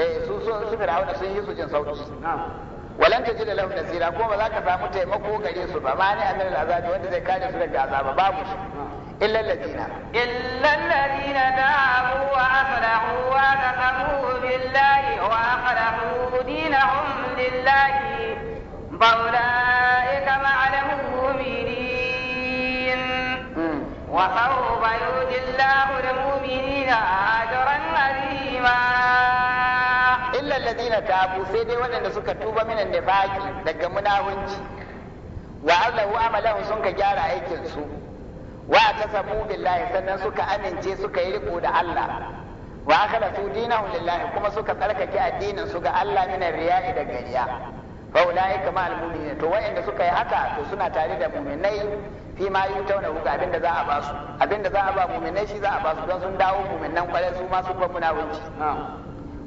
eh su su fir'auna sun yi su jin sauki walan ta jida lahum nasira ko ba za ka samu taimako gare su ba mani amir al-azabi wanda zai kare su daga azaba babu shi illa alladina illa alladina tabu wa aslahu wa taqamu billahi wa akhlahu dinahum lillahi baulai وسوف يؤتي الله المؤمنين أجرا عظيما illal ladina tabu sai dai waɗanda suka tuba minan nifaqi daga munafunci wa allahu amalan sun ka gyara aikinsu, su wa sannan suka amince suka yi riko da Allah wa akhlasu dinahu lillahi kuma suka tsarkake addinin su ga Allah minan riya'i daga gariya. fa kama ma almu'minina to wayanda suka yi haka to suna tare da mu'minai fi ma tauna ga abinda za a ba su abinda za a ba mu'minai shi za a ba su don sun dawo mu'minan kwarai su ma sun ba munafunci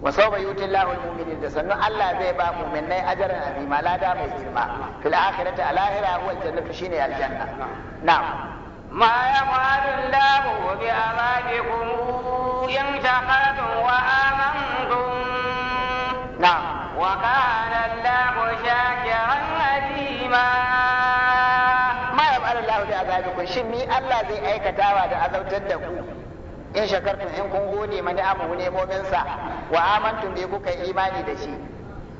wa sawfa yuti lahul mu'minin da sannu Allah zai ba mu'minai ajran azima lada mai girma fil akhirati alahira huwa aljannatu shine aljanna na'am ما يفعل الله بأمانكم إن شكرتم وآمنتم نعم وكان الله شاكرا عليما ما يفعل الله بعذابكم shin ni Allah zai aikatawa da azautar da ku in shakartum in kun gode mani amu ne momin sa wa amantum bi kuka imani da shi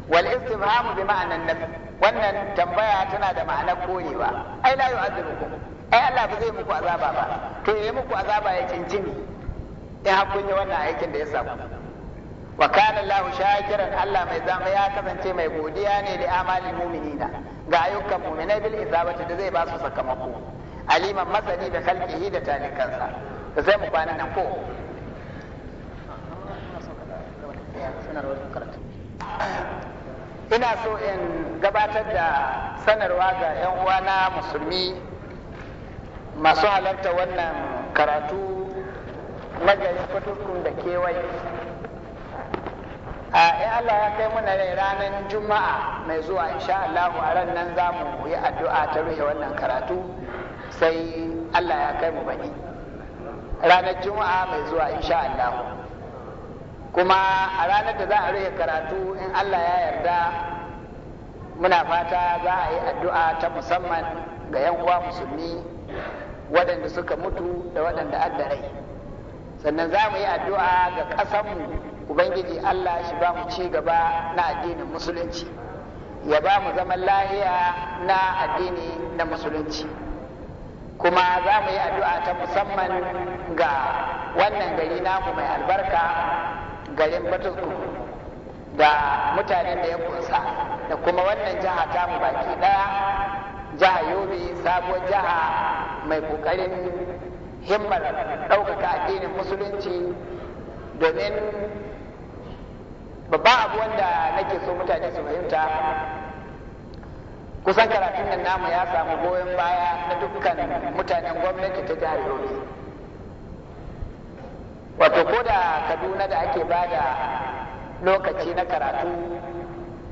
wal istifhamu bi ma'anan nafi wannan tambaya tana da ma'anar korewa ai la yu'adhibukum ai Allah ba zai muku azaba ba to yayi muku azaba ya cincini ya hakun yi wannan aikin da ya samu wa kana Allahu shakiran Allah mai zama ya kasance mai godiya ne da amalin mu'minina ga ayyukan mu'minai bil izabati da zai ba su sakamako aliman masani da khalqihi da talikansa da zai mu kwana nan ko ina so in gabatar da sanarwa ga 'yan uwana musulmi masu halarta wannan karatu na garin da kewaye A in Allah ya kai muna rai ranar juma'a mai zuwa insha Allah a ran nan za mu yi addu'a ta ruhe wannan karatu sai Allah ya kai mu baɗi, ranar juma'a mai zuwa insha Allah kuma a ranar da za a rufe karatu in Allah ya yarda muna fata za a yi addu'a ta musamman ga 'yan uwa musulmi waɗanda suka mutu da waɗanda adda sannan za mu yi addu'a ga ƙasanmu ubangiji Allah shi ba mu ci gaba na addinin musulunci ya ba mu zaman lahiya na addini na musulunci kuma za mu yi addu'a ta musamman ga wannan gari namu mai albarka garin batutu da mutanen da ya kunsa da kuma wannan jiha ta mu baki ɗaya jiha yobe sabuwar jiha mai ƙoƙarin himmar ɗaukaka addinin musulunci domin babban abu wanda nake so mutane su fahimta kusan karatun nan namu ya samu goyon baya na dukkan mutanen gwamnati ta jihar yobe wato ko da kaduna da ake ba da lokaci na karatu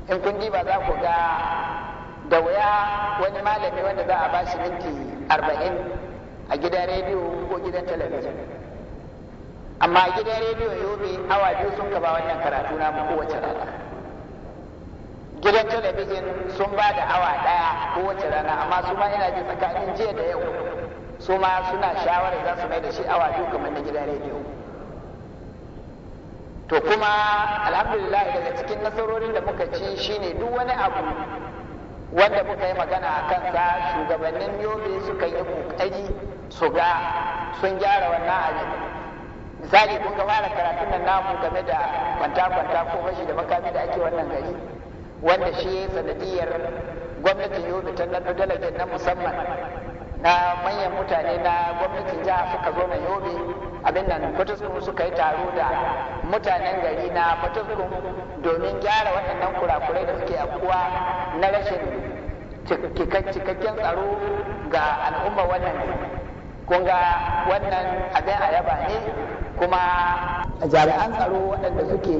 in kun ba za ku ga da wuya wani malami wanda za a ba shi minti arba'in a gidan rediyo ko gidan talabijin amma a gidan rediyo yobe awa biyu sun gaba wannan karatu na mu kowace rana gidan talabijin sun ba da awa daya kowace rana amma su ma yana ji tsakanin jiya da yau su ma suna shawarar za su mai da shi awa biyu kamar na gidan rediyo to kuma alhamdulillah daga cikin nasarorin da muka ci shine duk wani abu wanda muka yi magana a kansa shugabannin yobe suka yi kokari su ga sun gyara wannan abin misali kun ga fara karatun nan namu game da kwanta kwanta ko fashi da makami da ake wannan gari wanda shi ya sanadiyar gwamnatin yobe ta nan dalagin na musamman na manyan mutane na gwamnatin jiha suka zo na yobe abin nan fataskun suka yi taro da mutanen gari na fataskun domin gyara waɗannan kurakurai da suke akuwa na rashin cikakken tsaro ga al'umma wannan kun ga wannan abin a yaba ne kuma jami'an tsaro waɗanda suke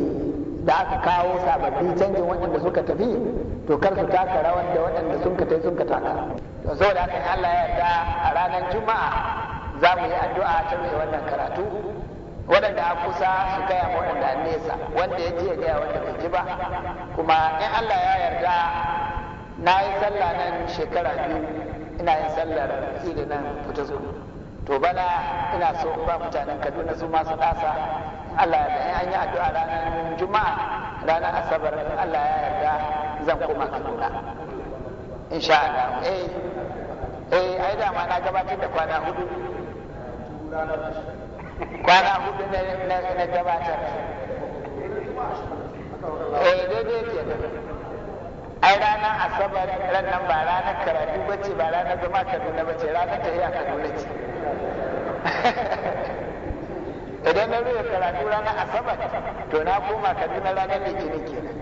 da aka kawo sababbi canjin waɗanda suka tafi to kar su taka rawar da waɗanda sun ka tai sun ka taka to saboda haka Allah ya yarda a ranar juma'a za mu yi addu'a ta mai wannan karatu waɗanda a kusa su gaya ma waɗanda a nesa wanda ya ji ya gaya wanda bai ji ba kuma in Allah ya yarda na yi sallah nan shekara biyu ina yin sallar idi nan to bana ina so ba mutanen kaduna su masu ɗasa allah ya an yi addu'a ranar juma'a ranar asabar allah ya yarda zan koma kaduna insha allah eh eh ai da ma na gabatar da kwana hudu kwana hudu na gabatar eh daidai ke ai ranar asabar ran nan ba ranar karatu bace ba ranar zama kaduna bace ranar tafiya kaduna ce idan na rufe karatu ranar asabar to na koma kaduna ranar litinin kenan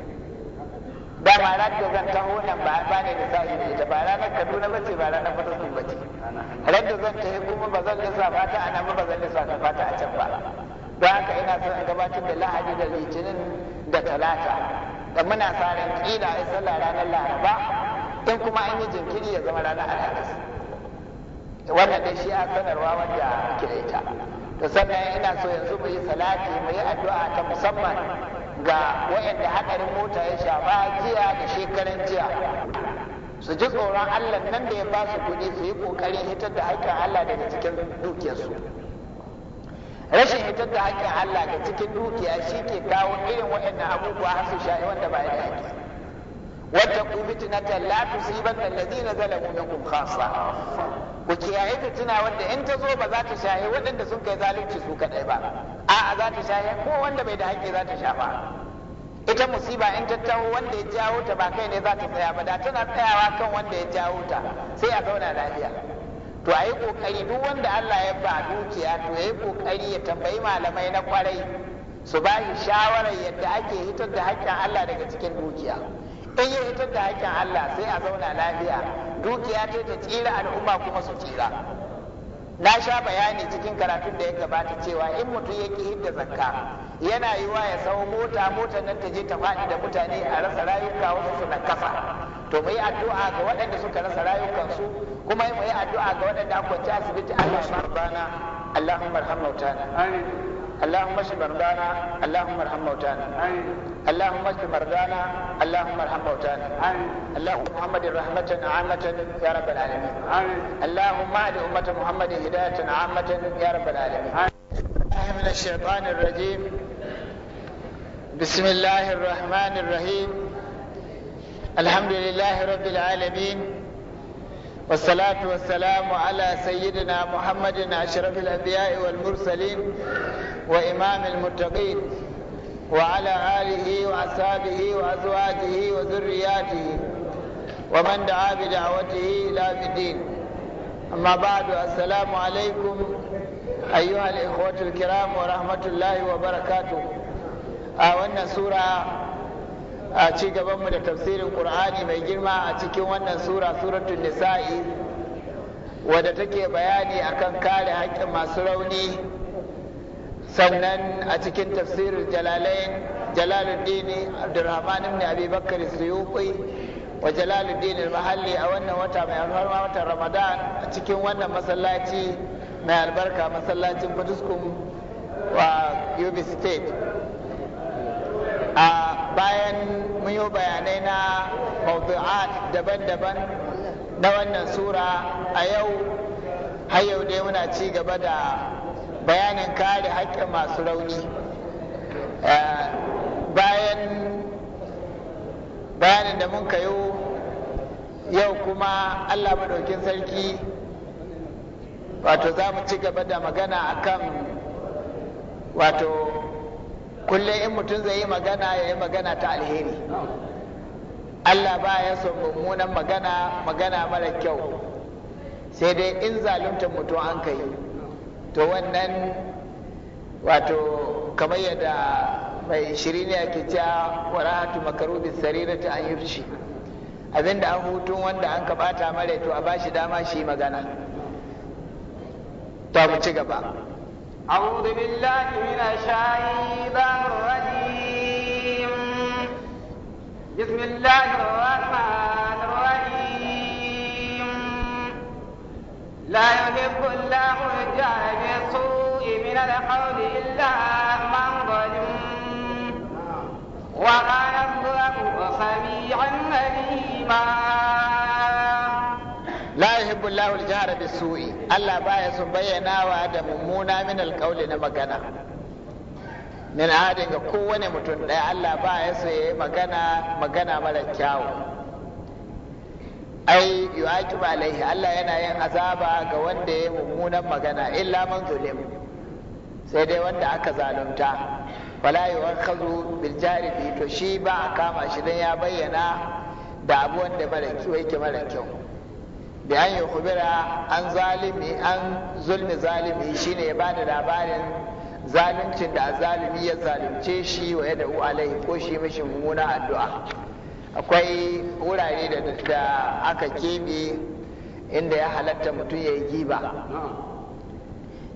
ke nan. da zan taho nan ba ba ne sa'i ne ta ba ranar kaduna ce ba ranar ba bace ranar da zan tafi kuma ba zan ba ta a nan ba zan lissa ta a can ba don haka ina son in gabatar da lahadi da litinin da talata da muna sa ran kila ai sallah ranar laraba in kuma an yi jinkiri ya zama ranar alhamis wannan dai shi a sanarwa wanda muke da ita to sannan ina so yanzu mu yi salati mu yi addu'a ta musamman ga waɗanda hadarin mota ya shafa jiya da shekaran jiya su ji tsoron Allah nan da ya ba su kuɗi su yi ƙoƙarin hitar da haƙƙin Allah daga cikin dukiyarsu rashin hitar da haƙƙin Allah daga cikin dukiya shi ke kawo irin waɗannan abubuwa har su sha'i wanda ba ya da haƙƙi wattaqu ban la tusibanna alladhina zalamu minkum khassa ku kiyaye fitina wanda in ta zo ba za ta shaye waɗanda sun kai zalunci su kaɗai ba a'a za ta shaye ko wanda bai da haƙƙi za ta ita musiba in ta taho wanda ya jawo ta ba kai ne za ta tsaya ba da tana tsayawa kan wanda ya jawo ta sai a zauna lafiya to a yi ƙoƙari duk wanda Allah ya ba dukiya to ya yi ƙoƙari ya tambayi malamai na kwarai su ba shawarar yadda ake hitar da haƙƙin Allah daga cikin dukiya in ya fitar da haƙƙin Allah sai a zauna lafiya dukiya ce ta tsira al'umma kuma su tsira na sha bayani cikin karatun da ya gabata cewa in mutum ya ki hidda zakka yana wa ya sau mota motar nan ta je ta faɗi da mutane a rasa rayuka wasu su kasa to mu yi addu'a ga waɗanda suka rasa rayukansu kuma mu yi addu'a ga waɗanda aka kwanci asibiti Allah ya bana Allahumma arhamna اللهم اشف مرضانا اللهم ارحم موتانا اللهم اشف مرضانا اللهم ارحم موتانا اللهم محمد رحمة عامة يا رب العالمين اللهم اهد أمة محمد هداية عامة يا رب العالمين من الشيطان الرجيم بسم الله الرحمن الرحيم الحمد لله رب العالمين والصلاة والسلام على سيدنا محمد أشرف الأنبياء والمرسلين وإمام المتقين وعلى آله وأصحابه وأزواجه وذرياته ومن دعا بدعوته إلى الدين أما بعد السلام عليكم أيها الإخوة الكرام ورحمة الله وبركاته a wannan sura a ci gabanmu da tafsirin ƙur'ani mai girma a cikin wannan sura suratul nisa'i wadda take bayani akan kare haƙƙin masu rauni sannan a cikin tafsirin jalalain jalaluddin abdurrahman ibn abi bakr suyuqi wa jalaluddin al-mahalli a wannan wata mai alfarma watan ramadan a cikin wannan masallaci mai albarka masallacin fuduskum wa UB state bayan mun yi bayanai na mawdu'at daban-daban na wannan sura a yau har yau dai muna ci gaba da bayanin kare haƙƙin masu rauni eh, bayan bayanin da mun kayo yau kuma allah maɗaukin sarki wato za mu ci gaba da magana akan wato kullum in mutum zai yi magana ya yi magana ta alheri Allah ba ya son mummunan magana magana mara kyau sai dai in zalunta mutum an kai to wannan wato kamar yadda mai shiri ne ake cewa warahatu makarubi sarirata an abin abinda an hutun wanda an kabata mara to a bashi dama shi magana ta mu ci gaba أعوذ بالله من الشيطان الرجيم بسم الله الرحمن الرحيم لا يحب الله الجهل بالسوء من القول إلا من ظلم وكان الله سميعا عليما Allah al-jahra bis-su'i Allah baya son bayyanawa da mummuna min alqawli na magana min adin ga kowane mutum ɗaya Allah baya so yayi magana magana mara kyawu ai yu'aqibu alaihi Allah yana yin azaba ga wanda yayi mummunan magana illa man zulim sai dai wanda aka zalunta wala yu'akhadhu bil jahri to shi ba a kama shi dan ya bayyana da abu wanda mara kyau yake mara kyau bi an yi hubira an zalimi an zulmi zalimi shine ya bada labarin zaluncin da zalimi ya zalunce shi wa yadda ualai ko shi mishi mummuna addu'a akwai wurare da aka keɓe inda ya halatta mutum ya yi giba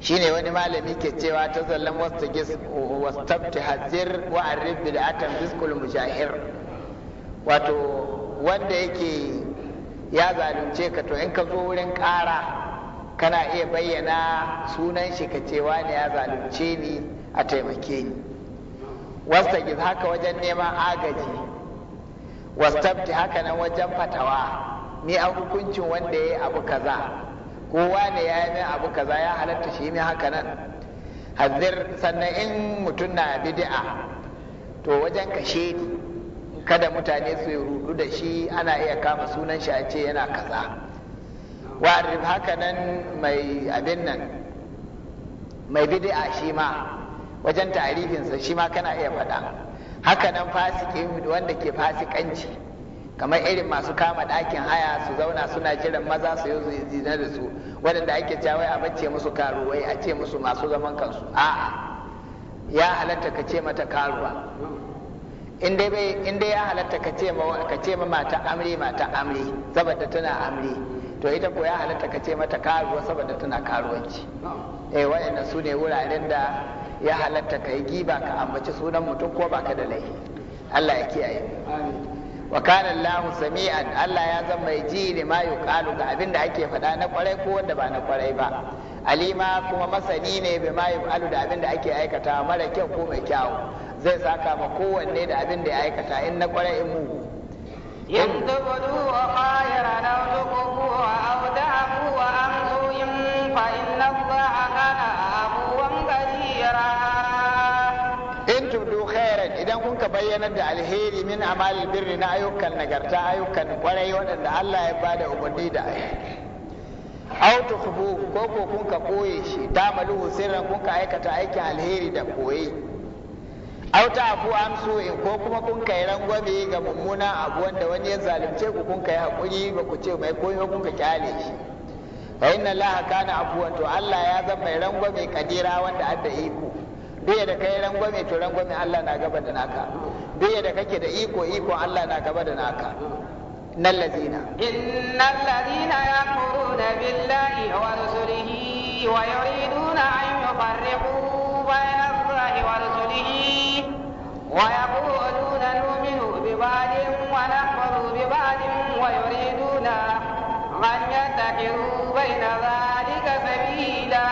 shine wani malami ke cewa ta zallan wastabti hazir wa da atan biskul mujahir wato wanda yake ya zalunce ka to in ka zo wurin ƙara kana iya bayyana sunan shi ka ce wani ya zalunce ni a taimake ni wastagiz haka wajen neman agaji wastabti haka nan wajen fatawa ni an hukuncin wanda ya yi abu kaza kowa ne ya yi min abu kaza ya halatta shi ne haka nan hazir sannan in mutum na bid'a to wajen kashe ni kada mutane su rudu da shi ana iya kama sunan shi a ce yana kaza wa'arif haka nan mai abin nan mai bid'a shi ma wajen tarihinsa shi ma kana iya faɗa haka nan fasike wanda ke fasikanci kamar irin masu kama ɗakin haya su zauna suna jiran maza su yi zina da su waɗanda ake cewa a bacce musu karuwai a ce musu masu zaman kansu a'a ya halatta ka ce mata karuwa in dai ya halatta ka ce ma mata amri mata amri saboda tana amri to ita ko ya halatta ka ce mata karuwa saboda tana karuwanci eh wayannan su ne wuraren da ya halatta ka yi giba ka ambaci sunan mutum ko baka da laifi Allah ya kiyaye wa kana Allahu sami'an Allah ya zama mai ji ne ma yuqalu ga abin da ake faɗa na kwarai ko wanda ba na kwarai ba alima kuma masani ne bai ma yuqalu da abin da ake aikata mara kyau ko mai kyau zai saka ma kowanne da abin da ya aikata in na kwarai in mugu wa wa fa inna allaha kana abuwan idan kun ka bayyana da alheri min amalil birri na ayyukan nagarta ayyukan kwarai waɗanda Allah ya bada umarni da aw tukhbu ko ko kun ka koye shi ta maluhu sirran kun ka aikata aikin alheri da koyi auta ku amsu ko kuma kun kai rangwame ga mummuna abu wanda wani ya zalunce ku kun kai hakuri ba ku ce mai koyo kun ka kyale shi fa inna allaha kana afuwan to Allah ya zama mai rangwame kadira wanda adda iko duk da kai rangwame to rangwame Allah na gaba da naka duk da kake da iko iko Allah na gaba da naka إن الذين إن الذين يكفرون بالله ورسله ويريدون أن يفرقوا ويقولون نؤمن ببعض ونكفر ببعض ويريدون أن يتخذوا بين ذلك سبيلا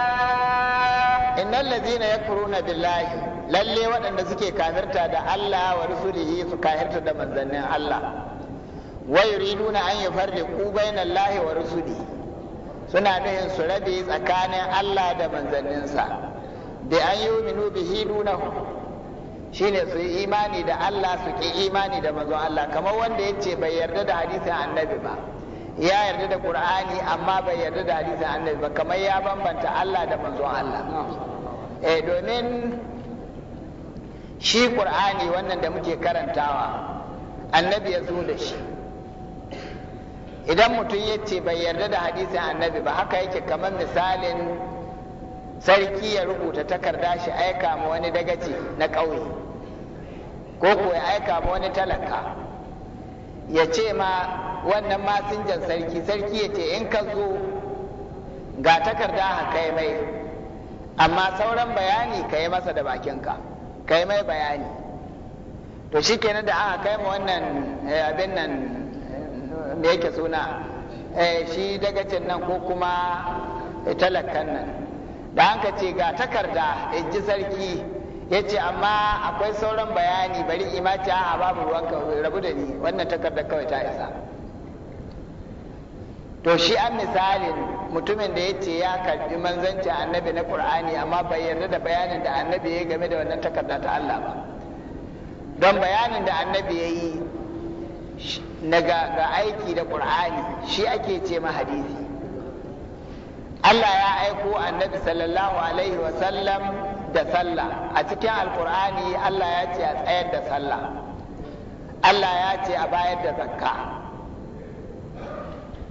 إن الذين يكفرون بالله lalle waɗanda suke kafirta da Allah wa rusulihi su kafirta da manzannin Allah wa yuriduna an da bainal lahi wa rusulihi suna nuhin su rabe tsakanin Allah da manzanninsa Da an yuminu bihi dunahu shine su yi imani da Allah su ki imani da mazo Allah kamar wanda ya ce bai yarda da hadisin annabi ba ya yarda da qur'ani amma bai yarda da hadisin annabi ba kamar ya bambanta Allah da mazo Allah eh domin shi qur'ani wannan da muke karantawa annabi ya zo da shi idan mutum ya ce bai yarda da hadisin annabi ba haka yake kamar misalin sarki ya rubuta takarda shi aika ma wani dagaci na ƙauye ko ko ya aika ma wani talaka ya ce ma wannan masinjan sarki sarki ya ce in ka zo ga takarda ha kai mai amma sauran bayani ka yi masa da bakinka ka yi mai bayani to shi kenan da aka kai ma wannan eh, abin nan da eh, yake suna eh, shi dagacin nan ko kuma talakan nan da an ce ga takarda in ji sarki ya ce amma akwai sauran bayani bari imati a babu ruwanka rabu da ni wannan takarda kawai ta isa to shi an misalin mutumin da ya ce ya karbi manzanci annabi na ƙur'ani, amma bai yarda da bayanin da annabi ya game da wannan takarda ta Allah ba don bayanin da annabi ya yi na ga aiki da ƙur'ani shi ake ce ma hadisi Allah ya aiko annabi sallallahu alaihi wasallam da sallah a cikin alkur'ani Allah ya ce a tsayar da sallah Allah ya ce a bayar da zakka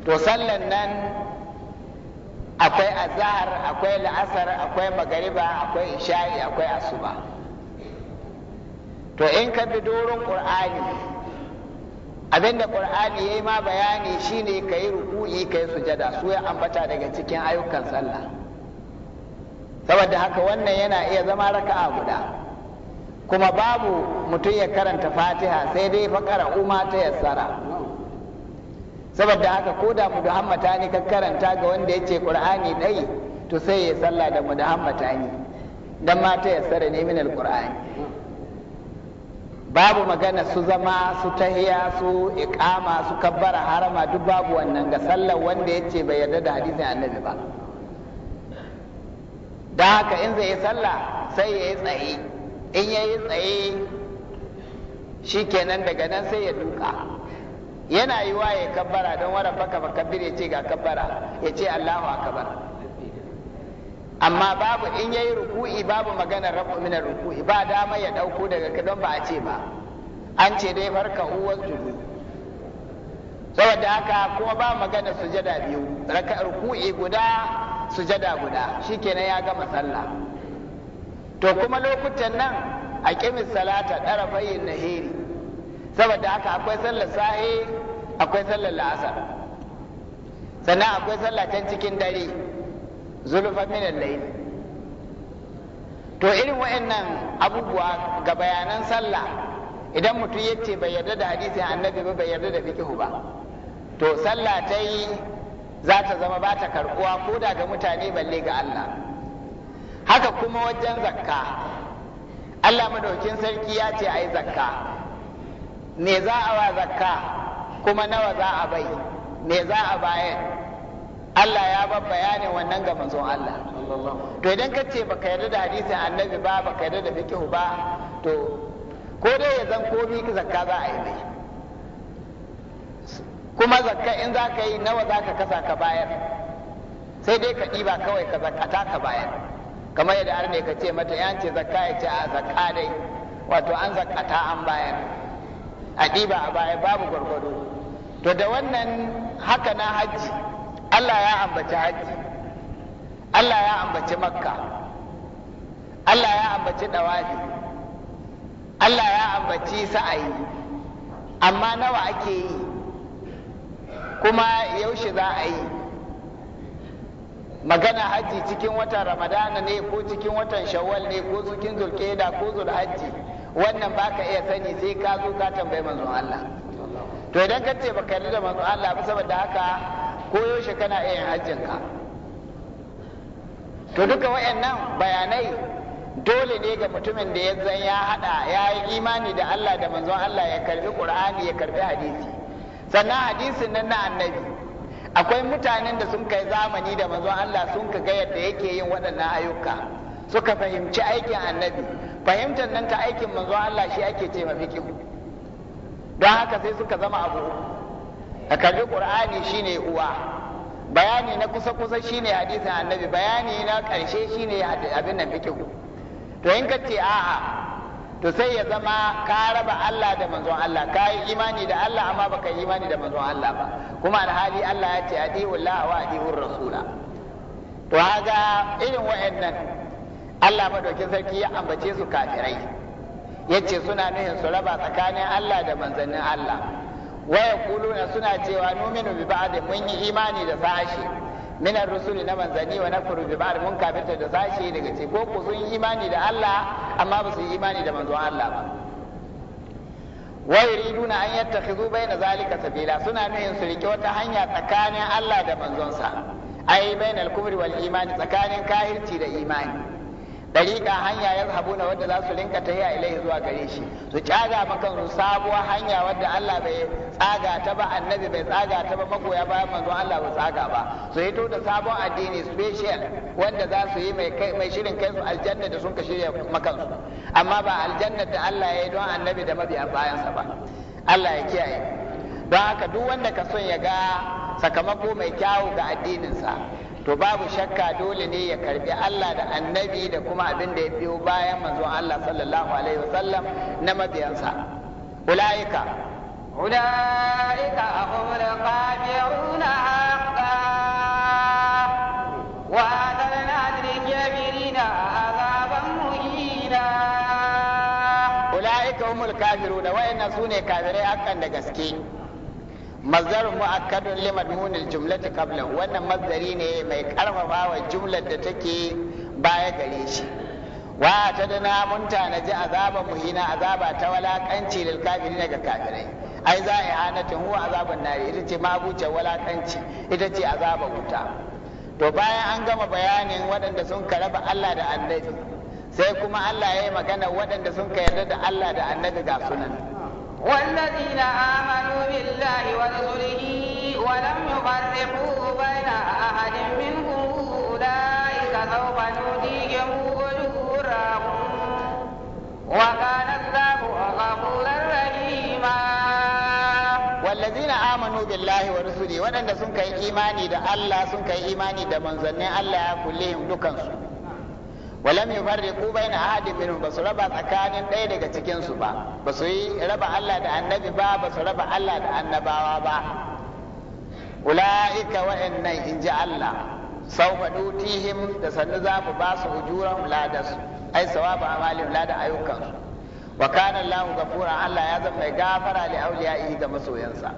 to sallan nan akwai azahar akwai la'asar akwai magariba akwai isha'i akwai asuba to in ka bi doron ƙur'ani Abin abinda qur'ani yayi ma bayani shine kai ruku'i kai sujada su ya ambata daga cikin ayyukan sallah saboda haka wannan yana iya zama raka'a guda kuma babu mutum ya karanta fatiha sai dai fakara uma ta yassara saboda haka ko da hammata ne ka karanta ga wanda ya ce qur'ani dai to sai ya sallah da hammata ne dan ma ta yassara ne min alqur'ani babu magana su zama su tahiya su ikama su kabbara harama duk babu wannan ga sallar wanda ya ce bai yarda da hadisin annabi ba da haka in zai yi sallah sai yayi tsaye in ya yi tsaye shi kenan daga nan sai ya duka yana yiwa ya kabbara don wara baka baka ya ce ga kabbara ya ce allahu akbar amma babu in yayi ruku'i babu maganar rabu minar ruku'i ba dama ya dauko daga kadon ba a ce ba an ce dai farka uwar tudu." saboda haka kuma ba magana sujada biyu ruku'i guda sujada guda shikenan ya gama sallah to kuma lokutan nan a kimin salata na nahiri saboda haka akwai sallar sahi akwai sallar la'asar sannan akwai sallah can cikin dare zulufa min al-layl to irin waɗannan abubuwa ga bayanan sallah idan mutum ya ce bai yarda da hadisin annabi ba bai yarda da fiqh ba to sallah ta yi za ta zama ba ta karbuwa ko da ga mutane balle ga Allah haka kuma wajen zakka Allah madaukin sarki ya ce ayi zakka me za a wa zakka kuma nawa za a bai me za a bayar Allah ya ba bayanin wannan ga manzon Allah to idan ka ce baka yarda da hadisin annabi ba baka yarda da fiqh ba to ko dai ya zan komi zakka za a yi mai kuma zakka in za ka yi nawa za ka kasa ka bayar sai dai ka ɗiba kawai ka zakata ka bayar kamar yadda har ne ka ce mata yan ce zakka ya ce a zakka dai wato an zakata an bayar a ɗiba a bayar babu gwargwado to da wannan haka na hajji Allah ya ambaci hajji Allah ya ambaci makka Allah ya ambaci dawafi Allah ya ambaci sa'ayi amma nawa ake yi kuma yaushe za a yi magana hajji cikin watan ramadana ne ko cikin watan shawwal ne ko cikin zulkeda ko hajji wannan baka iya sani sai ka zo ka tambayi manzon Allah to idan ka ce baka yarda da manzon Allah ba saboda haka ko yaushe kana iya hajjin ka to duka wayannan bayanai dole ne ga mutumin da ya zan ya hada ya yi imani da Allah da manzon Allah ya karbi Qur'ani ya karbi hadisi sannan hadisin nan na annabi akwai mutanen da sun kai zamani da manzon Allah sun ka ga yadda yake yin waɗannan ayyuka suka fahimci aikin annabi fahimtar nan ta aikin manzon Allah shi ake ce fiqh don haka sai suka zama abu ka kalli qur'ani shine uwa bayani na kusa kusa shine hadisin annabi bayani na karshe shine abin nan ku. to in ka ce a'a to sai ya zama ka raba Allah da manzon Allah ka yi imani da Allah amma baka yi imani da manzon Allah ba kuma alhali Allah ya ce adi'u Allah wa adi'ur rasula to haga irin nan Allah madaukin sarki ya ambace su kafirai yace suna nuhin su raba tsakanin Allah da manzannin Allah waya kuluna suna cewa numinu bi mun yi imani da sashi min rusuli na manzani wa nakfuru bi ba'd mun kafirta da sashi daga ce ko ku sun yi imani da Allah amma ba su yi imani da manzon Allah ba wa yuriduna an yattakhidhu bayna zalika sabila suna nuhin su rike wata hanya tsakanin Allah da manzonsa ai bainal kufri wal imani tsakanin kahirci da imani dariƙa hanya ya na wadda za su rinka ta yi ilaihi zuwa gare shi su maka makan sabuwar hanya wadda Allah bai tsaga ta ba annabi bai tsaga ta ba magoya ba manzo Allah bai tsaga ba su hito da sabon addini special wanda za su yi mai shirin kai su aljanna da sun ka shirya makan su amma ba aljanna da Allah ya yi don annabi da bayan bayansa ba Allah ya kiyaye don haka duk wanda ka son ya ga sakamako mai kyawu ga addininsa to babu shakka dole ne ya karbi Allah da annabi da kuma abin da ya biyo bayan manzon Allah sallallahu alaihi wasallam na mabiyansa ulaika ulaika ahumul qadiruna haqqa wa adana adri jabirina azaban muhina ulaika humul kafiruna wa'anna sune kafirai hakan da gaske mazdarun mu'akkadun li madmunil jumlati qabla wannan mazdari ne mai karfafawa jumlar da take baya gare shi wa tadana mun tanaji azaba muhina azaba ta walakanci lil kafirin daga kafirai ai za a hanatin huwa azabun nari ita ce mabuce walakanci ita ce azaba wuta to bayan an gama bayanin waɗanda sun raba Allah da annabi sai kuma Allah ya yi magana waɗanda sun ka yarda da Allah da annabi ga sunan والذين آمنوا بالله ورسله ولم يفرقوا بين أحد منهم أولئك سوف نؤتيهم أجورهم وكان الله غفورا رحيما والذين آمنوا بالله ورسله وأن سنك إيماني دا الله سنك إيماني دا منزلنا الله كلهم دكانسوا walam yufarriqu baina ahadin minhum basu raba tsakanin ɗaya daga cikin su ba basu yi raba Allah da annabi ba basu raba Allah da annabawa ba ulaika waɗannan in ji Allah sawfa dutihim da sannu za mu ba su ujuran ladas ai sawaba amalin ladan ayyukan wa kana Allah gafura Allah ya zama mai gafara li auliya'i ga masoyansa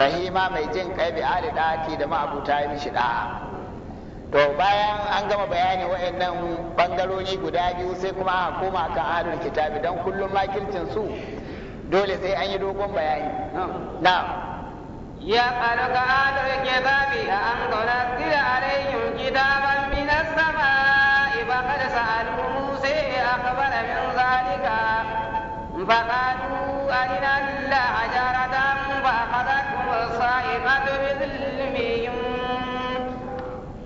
rahima mai jin kai bi ali da ma'abuta mishi da'a to bayan an gama bayanin waɗannan bangaroni guda biyu sai kuma a koma kan ahlul kitabi don kullum makircin su dole sai an yi dogon bayani na ya qalu ka ahlul kitabi a an qulati alayhim kitaban min as-sama'i fa qad sa'alu musa akhbara min zalika fa qalu alina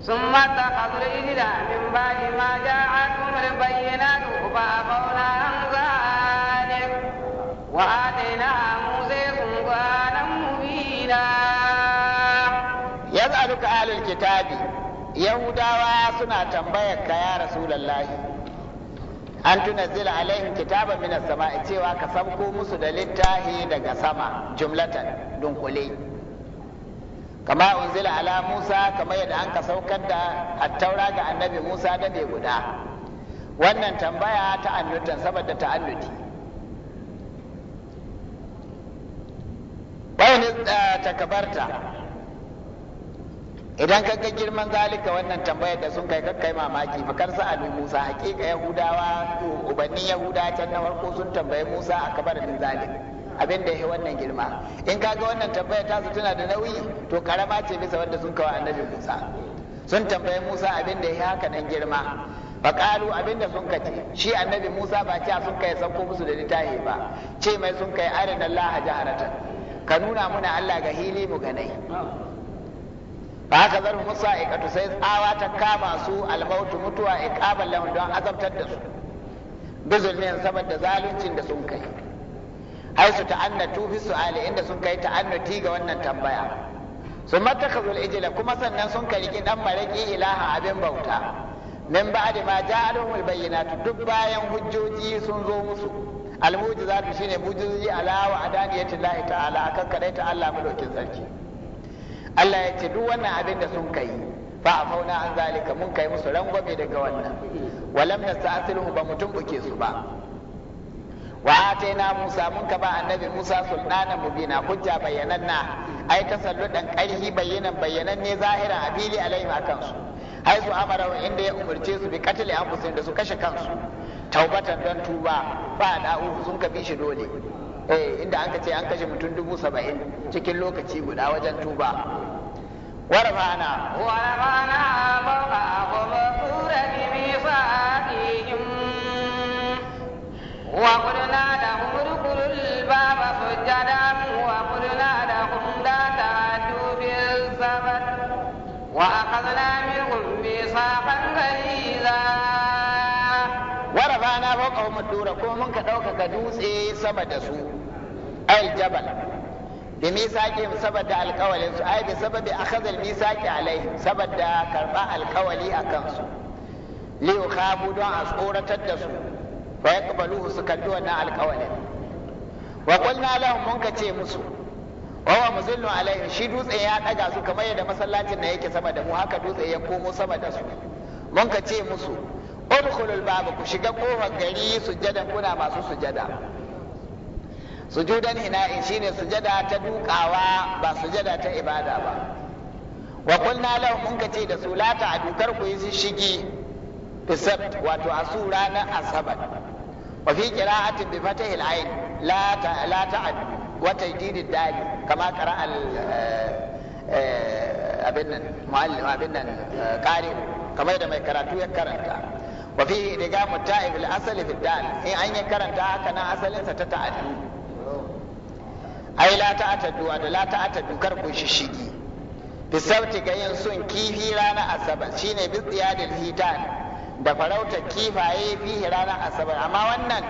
ثم اتخذوا الإجل من بعد ما جاءتهم البينات فأبونا عن ذلك وآتينا موسى سلطانا مبينا يسألك أهل الكتاب يهوداوا سنة تنبيك يا رسول الله an alaihim kitaba minas sama'i cewa ka sauko musu da littafi daga sama jumlatan dunkule kama unzila ala musa kama yadda an ka saukar da attaura ga annabi musa da ne guda wannan tambaya ta ta'annutan saboda ta ta'annuti bayan eh, takabarta idan ka ga girman zalika wannan tambayar da sun kai kakkai mamaki fakar sa'adu musa hakika yahudawa ubannin yahuda can na farko sun tambayi musa a kabarin zalika abin da ya wannan girma in kaga wannan tambaya ta su tana da nauyi to karama ce bisa wanda sun kawo annabi Musa sun tambaye Musa abin da ya haka nan girma faƙalu abin da sun ka ce shi annabi Musa ba ce sun kai sauko musu da littafi ba ce mai sun kai arin Allah jaharatan ka nuna muna Allah ga hili mu ganai ba haka zarfi musa ikatu sai tsawa ta kama su almautu mutuwa ikaban lahun don azabtar da su bizulmin saboda zaluncin da sun kai haisu ta'annatu fi su'ali inda sun kai ta'annuti ga wannan tambaya sun mattakazu ijila kuma sannan sun kariki dan maraki ilaha abin bauta min ba'di ma ja'alhum bayyinatu duk bayan hujjoji sun zo musu al shine mujizi ala wa adaniyati Allah ta'ala akan kadai ta Allah madaukin sarki Allah ya ce duk wannan abin da sun kai fa afauna an zalika mun kai musu rangwame daga wannan walam nasta'siluhu ba mutum buke su ba wa ataina Musa mun ka ba annabi Musa sultana mubina hujja bayyananna ai ta tasalludan karhi bayyanan bayyanan ne zahiran a fili alaihim akan su ai su amara inda ya umurce su bi katli anfusin da su kashe kansu taubatan don tuba ba da uku sun ka bi shi dole eh inda an ka an kashe mutum dubu saba'in cikin lokaci guda wajen tuba warfana warfana ba ba ba? وقلنا لهم ادخلوا الباب سجدا وقلنا لهم لا تعدوا بالسبت وأخذنا منهم ميثاقا غليظا ورفعنا فوقهم الدور كوم كدوك كدوس سبت سوء أي الجبل بميثاقهم سبب القولين أي بسبب أخذ الميثاق عليهم سبب كرباء القولي أكنسو ليخافوا دون أسورة الدسو wa yaqbaluhu su karbi wannan alƙawalin wa qulna lahum mun musu wa huwa muzillun alaihim shi dutse ya daga su kamar yadda masallacin na yake sama da mu haka dutse ya komo sama da su mun ka musu udkhulul baba ku shiga kofar gari sujada kuna masu sujada sujudan hina'in shine sujada ta dukawa ba sujada ta ibada ba wa qulna lahum mun da su la ta adukar ku yi shigi fisat wato asu ranar asabar wa fi qira'atin bi fatih al-ain la ta la ta'ad wa kama qara'a eh, eh, abin nan muallim abin nan eh, mai karatu ya karanta wa fi rigamu ta'ib al-asli fi in an ya karanta haka nan asalinsa ta ta'addu ai la ta'addu la ga yin sun kifi rana asabar shine bi tsiyadil da farautar kifaye fihi ranar asabar amma wannan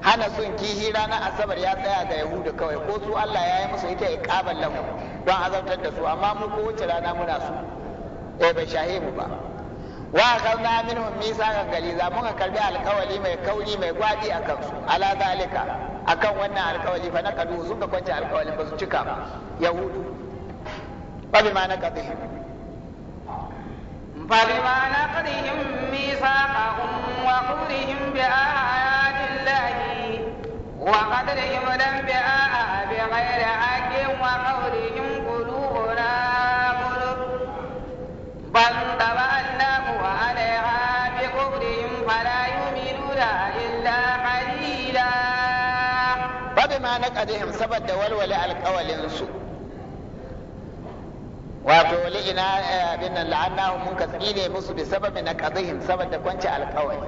hana sun kihi ranar asabar ya tsaya ga yahudu kawai ko su allah ya yi musu ita ya kaban lamu don azabtar da su amma mu ko wace rana muna su ko eh, bai shahe mu ba wa kauna ga gali za muka karbi alkawali mai kauri mai gwadi a kansu ala zalika akan wannan alkawali fa na kadu sun ka kwance alkawalin ba su cika ba yahudu ba bi ma na kadu فبما نقضهم ميثاقهم وقولهم بآيات الله وقدرهم لم بآه بغير حق وقولهم قلوبنا قلوب بل طبع الله عليها بكفرهم فلا يؤمنون إلا قليلا فبما نقضهم سبت والولي القولين سوء wato ina eh, abin nan la'annahu mun ka tsine musu bi sababi na qadhihim saboda kwanci alƙawari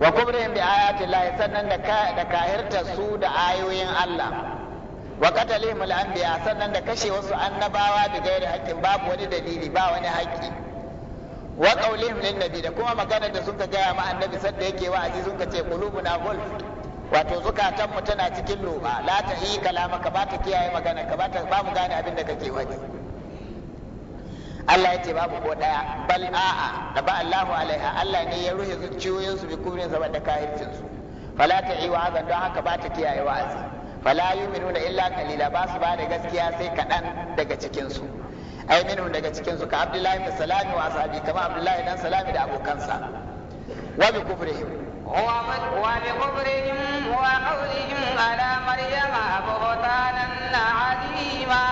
wa kubrihim bi ayati llahi sannan da da kahirta su da ayoyin Allah wa qatalihim al-anbiya sannan da kashe wasu annabawa da gairi haƙƙin babu wani dalili ba wani haƙƙi wa qaulihim lin nabi da kuma magana da suka gaya ma annabi sadda yake wa'azi sun ka ce qulubuna gulf wato mu tana cikin roba. la ta yi kalama ka ba ta kiyaye magana ka ba ta ba mu gane abin da kake wani Allah ya ce babu ko daya bal a'a da ba Allahu alaiha Allah ne ya ruhe zuciyoyin su bi kubrin da kahircin su fala ta yi wa'azan don haka ba ta kiyaye wa'azi fala yu'minuna illa qalila ba su ba da gaskiya sai kadan daga cikin su ai minhum daga cikin su ka Abdullahi bin Salami wa ashabi kama Abdullahi dan Salami da abokansa wa bi kufrihim وبكفرهم وقولهم على مريم بهتانا عظيما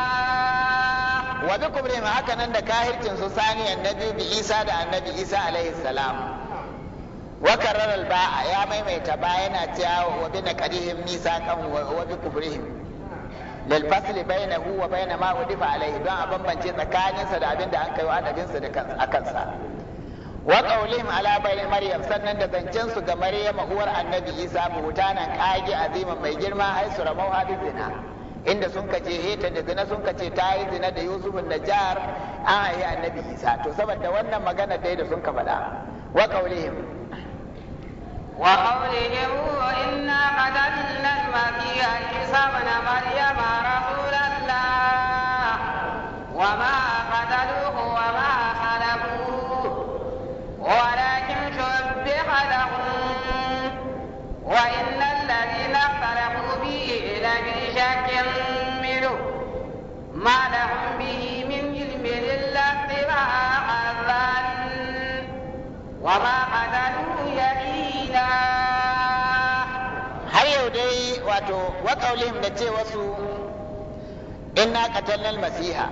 وبكفرهم هكذا عند كاهرتين سوساني النبي بعيسى ده النبي عيسى عليه السلام وكرر الباء يا ميميتا باينا تياو وبين كريهم ميثاقا وبكفرهم للفصل بينه وبين ما ودف عليه دون أبن بنجي تكاني سدابين ده أنكي وأدبين سدكا أكنسا wa qaulihim ala bani maryam sannan da zancen su ga maryama uwar annabi isa buhutanan kage azimin mai girma ai su ramau hadin zina inda sun kace heta da zina sun kace ta yi zina da yusuf najjar an haihi annabi isa to saboda wannan magana dai da sun ka faɗa wa qaulihim wa qaulihim inna qadalla al-masiha isa ibn maryam rasulullah وما ya يمينا har yau dai wato waƙaulihim da ce wasu inna qatalnal masiha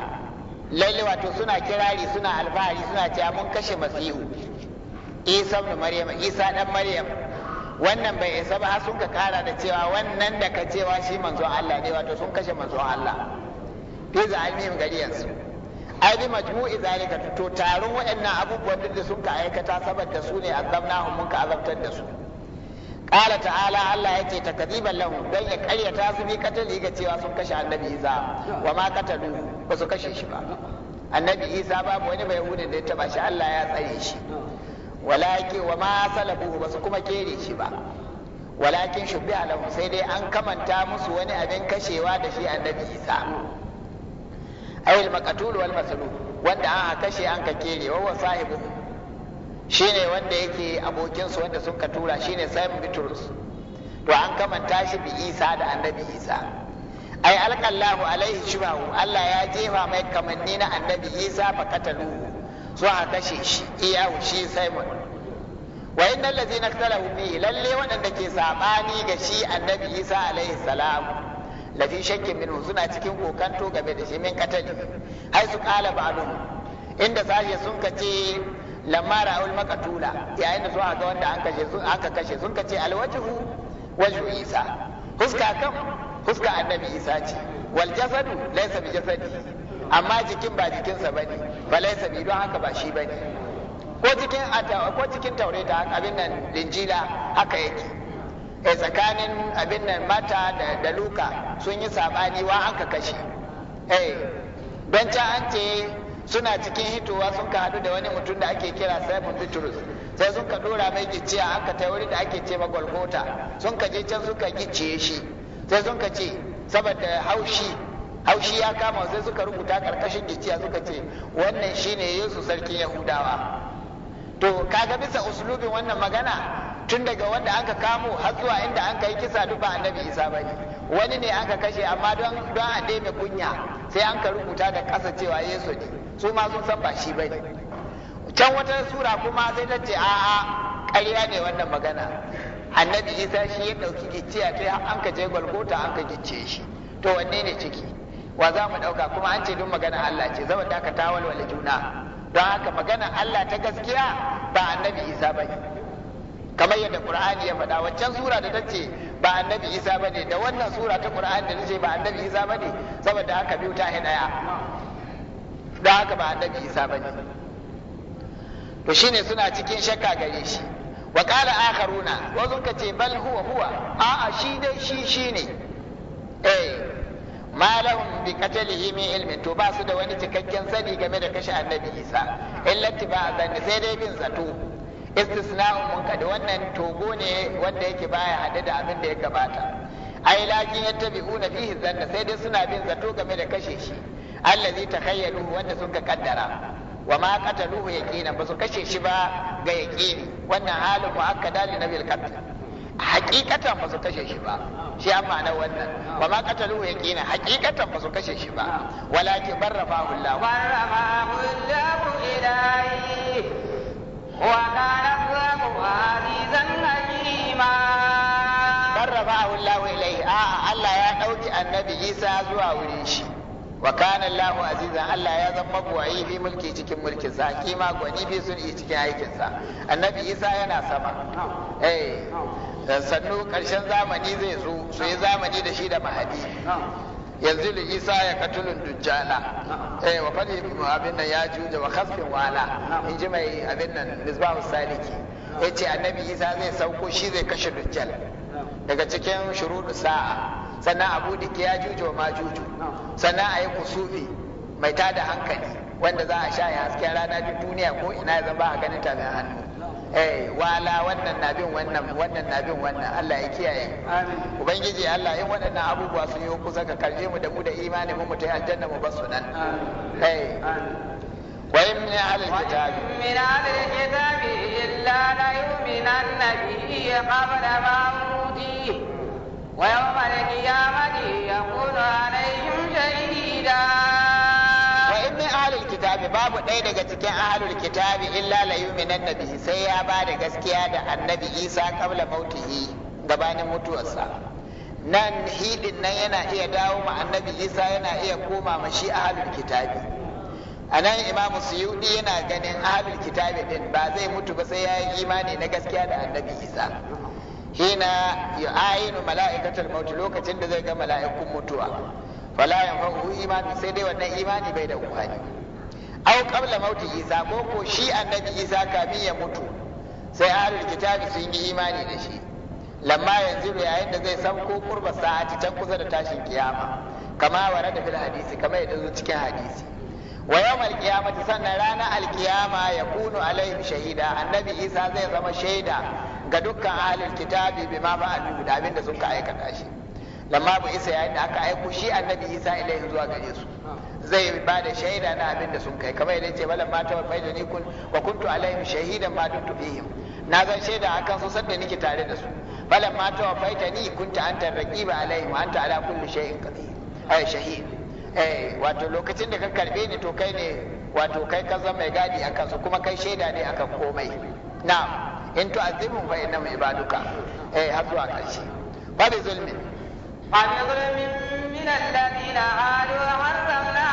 lalle wato suna kirari suna alfahari suna cewa mun kashe masihu isa ibn maryam isa dan maryam wannan bai isa ba sun ka kara da cewa wannan da ka cewa shi manzon Allah ne wato sun kashe manzon Allah fi za'almihim gariyansu ai bi majmu'i zalika to taron waɗannan abubuwan da sun aikata saboda su ne azabnahum mun ka azabtar da su qala ta'ala Allah yake takdiban lahu dan ya karyata su bi katali ga cewa sun kashe annabi Isa wa ma katalu ba su kashe shi ba annabi Isa babu wani bai hudin da ya taba shi Allah ya tsare shi walaki wa ma salabu ba su kuma kere shi ba walakin shubbi alahu sai dai an kamanta musu wani abin kashewa da shi annabi Isa ayil maqatul wal masluh wanda an kashe an ka kere wa wa sahibu shine wanda yake abokin su wanda sun ka tura shine Simon Bitrus to an kamanta shi bi Isa da Annabi Isa ai alqallahu alaihi shibahu Allah ya jefa mai kamanni na Annabi Isa fa katalu su aka kashe shi iyahu shi Simon wa innal ladzina ikhtalafu fihi lalle wanda ke sabani ga shi Annabi Isa alaihi salam lafi shakkin minhu suna cikin kokanto game da shi min katali ai su kala ba'dun inda sashe sun kace lamma ra'ul maqtula yayin da zuwa ga wanda an kashe su aka kashe sun kace alwajhu wajhu isa huska kan huska annabi isa ce wal jasadu laysa bi jasadi amma jikin ba jikinsa bane ba laysa bi don haka ba shi bane ko cikin ko cikin abin nan linjila haka yake da tsakanin abin nan mata da luka sun yi sabani wa an ka kashe eh don can an ce suna cikin hitowa sun ka hadu da wani mutum da ake kira Simon Bitrus sai sun ka dora mai gicciya aka ta wurin da ake ce Golgotha sun ka je can suka gicciye shi sai sun ka ce saboda haushi haushi ya kama sai suka rubuta karkashin gicciya suka ce wannan shine Yesu sarkin Yahudawa to kaga bisa uslubin wannan magana tun daga wanda aka kamo har zuwa inda an yi kisa duk ba annabi isa ba ne wani ne aka kashe amma don don a daina kunya sai an ka rubuta da ƙasa cewa yesu ne su ma sun san ba shi ba ne can wata sura kuma sai ta ce a'a ƙarya ne wannan magana annabi isa shi ya ɗauki gicciya ta an ka je gwalgota an ka gicce shi to wanne ne ciki wa za mu ɗauka kuma an ce duk magana allah ce zama da ka tawalwala juna don haka magana allah ta gaskiya ba annabi isa ba ne kamar yadda qur'ani ya faɗa waccan sura da tace ba annabi isa bane da wannan sura ta qur'ani da nace ba annabi isa bane saboda haka biyu ta daya da haka ba annabi isa bane to shine suna cikin shakka gare shi wa qala akharuna wa ka ce bal huwa huwa a a shi dai shi shine eh ma lahum bi qatlihi min ilmin to ba su da wani cikakken sani game da kashe annabi isa ba tiba sai dai bin zato istisna'un kadi wannan togo ne wanda yake baya hade da abin da ya gabata ai lakin yattabi'una fihi zanna sai dai suna bin zato game da kashe shi allazi takhayyaluhu wanda suka kaddara wa ma qataluhu yaqinan ba su kashe shi ba ga yaqini wannan halin mu'akkada li nabil qatl hakikatan ba su kashe shi ba shi an ma'ana wannan wa ma qataluhu yaqinan hakikatan ba su kashe shi ba walakin barrafahu Allah barrafahu Allah ilayhi وكان الغرب عزيزا رفعه الله إليه آه الله يا أوكي النبي زوا wa azizan Allah ya zama buwayi fi mulki cikin sa kima gwani cikin aikin sa annabi Isa yana sama eh karshen zamani zai zo su zamani da shi da mahadi yanzu da isa ya katulun dujjala eh wa fadi abin nan ya juja wa khasfin wala in ji mai abin nan misbahu saliki yace annabi isa zai sauko shi zai kashe dujjal daga cikin shurudu sa'a sannan abu dike ya juje wa majuju sannan a yi kusufi mai tada hankali wanda za a sha ya hasken rana duk duniya ko ina zan ba a ganin ta mai hannu eh wala wannan na bin wannan wannan na bin wannan Allah ya kiyaye ubangiji Allah in waɗannan abubuwa sun yi kusa ka karje mu da mu da imani mu mutai aljanna mu basu nan eh wa in min ahli alkitab min ahli alkitab illa la yu'minanna bihi qabla mawtihi wa yawma alqiyamati yakunu alayhim shahida babu ɗaya daga cikin ahalul kitabi illa la yu'minan nabi sai ya ba da gaskiya da annabi isa kabla mautihi gabanin mutuwarsa nan hidin nan yana iya dawo ma annabi isa yana iya koma ma shi ahalul kitabi a nan imamu suyudi yana ganin ahalul kitabi din ba zai mutu ba sai ya yi imani na gaskiya da annabi isa hina yu'ayinu mala'ikatul maut lokacin da zai ga mala'ikun mutuwa fala yanfa'u imani sai dai wannan imani bai da umfani au qabla mauti isa boko ko shi annabi isa kamin ya mutu sai ahlul kitabi sun yi imani da shi lamma yanzu yayin da zai sauko kurba sa'ati can kusa da tashin kiyama kama wara rada fil hadisi kama ya zo cikin hadisi wa yawmal qiyamati sannan ranar alkiyama ya kunu alaihim shahida annabi isa zai zama shaida ga dukkan ahlul kitabi bima ba'alu da abin da sun ka aikata shi lamma bu isa yayin da aka aiko shi annabi isa ilaihim zuwa gare su zai ba da shaida na abin da sun kai kamar yadda ce balan mata wa faida ni kun wa kuntu alaihim shahidan ma dumtu fihim na zan shaida akan su sadda nake tare da su Balan mata wa faida ni kunta anta raqiba alaihim anta ala kulli shay'in qadir ay eh, shahid eh wato lokacin da ka karbe ni to kai ne wato kai ka zama mai gadi akan su kuma kai shaida ne akan komai na'am in azimu fa innama ibaduka eh har zuwa karshe ba da zulmi ba da zulmi من الذين عادوا حرمنا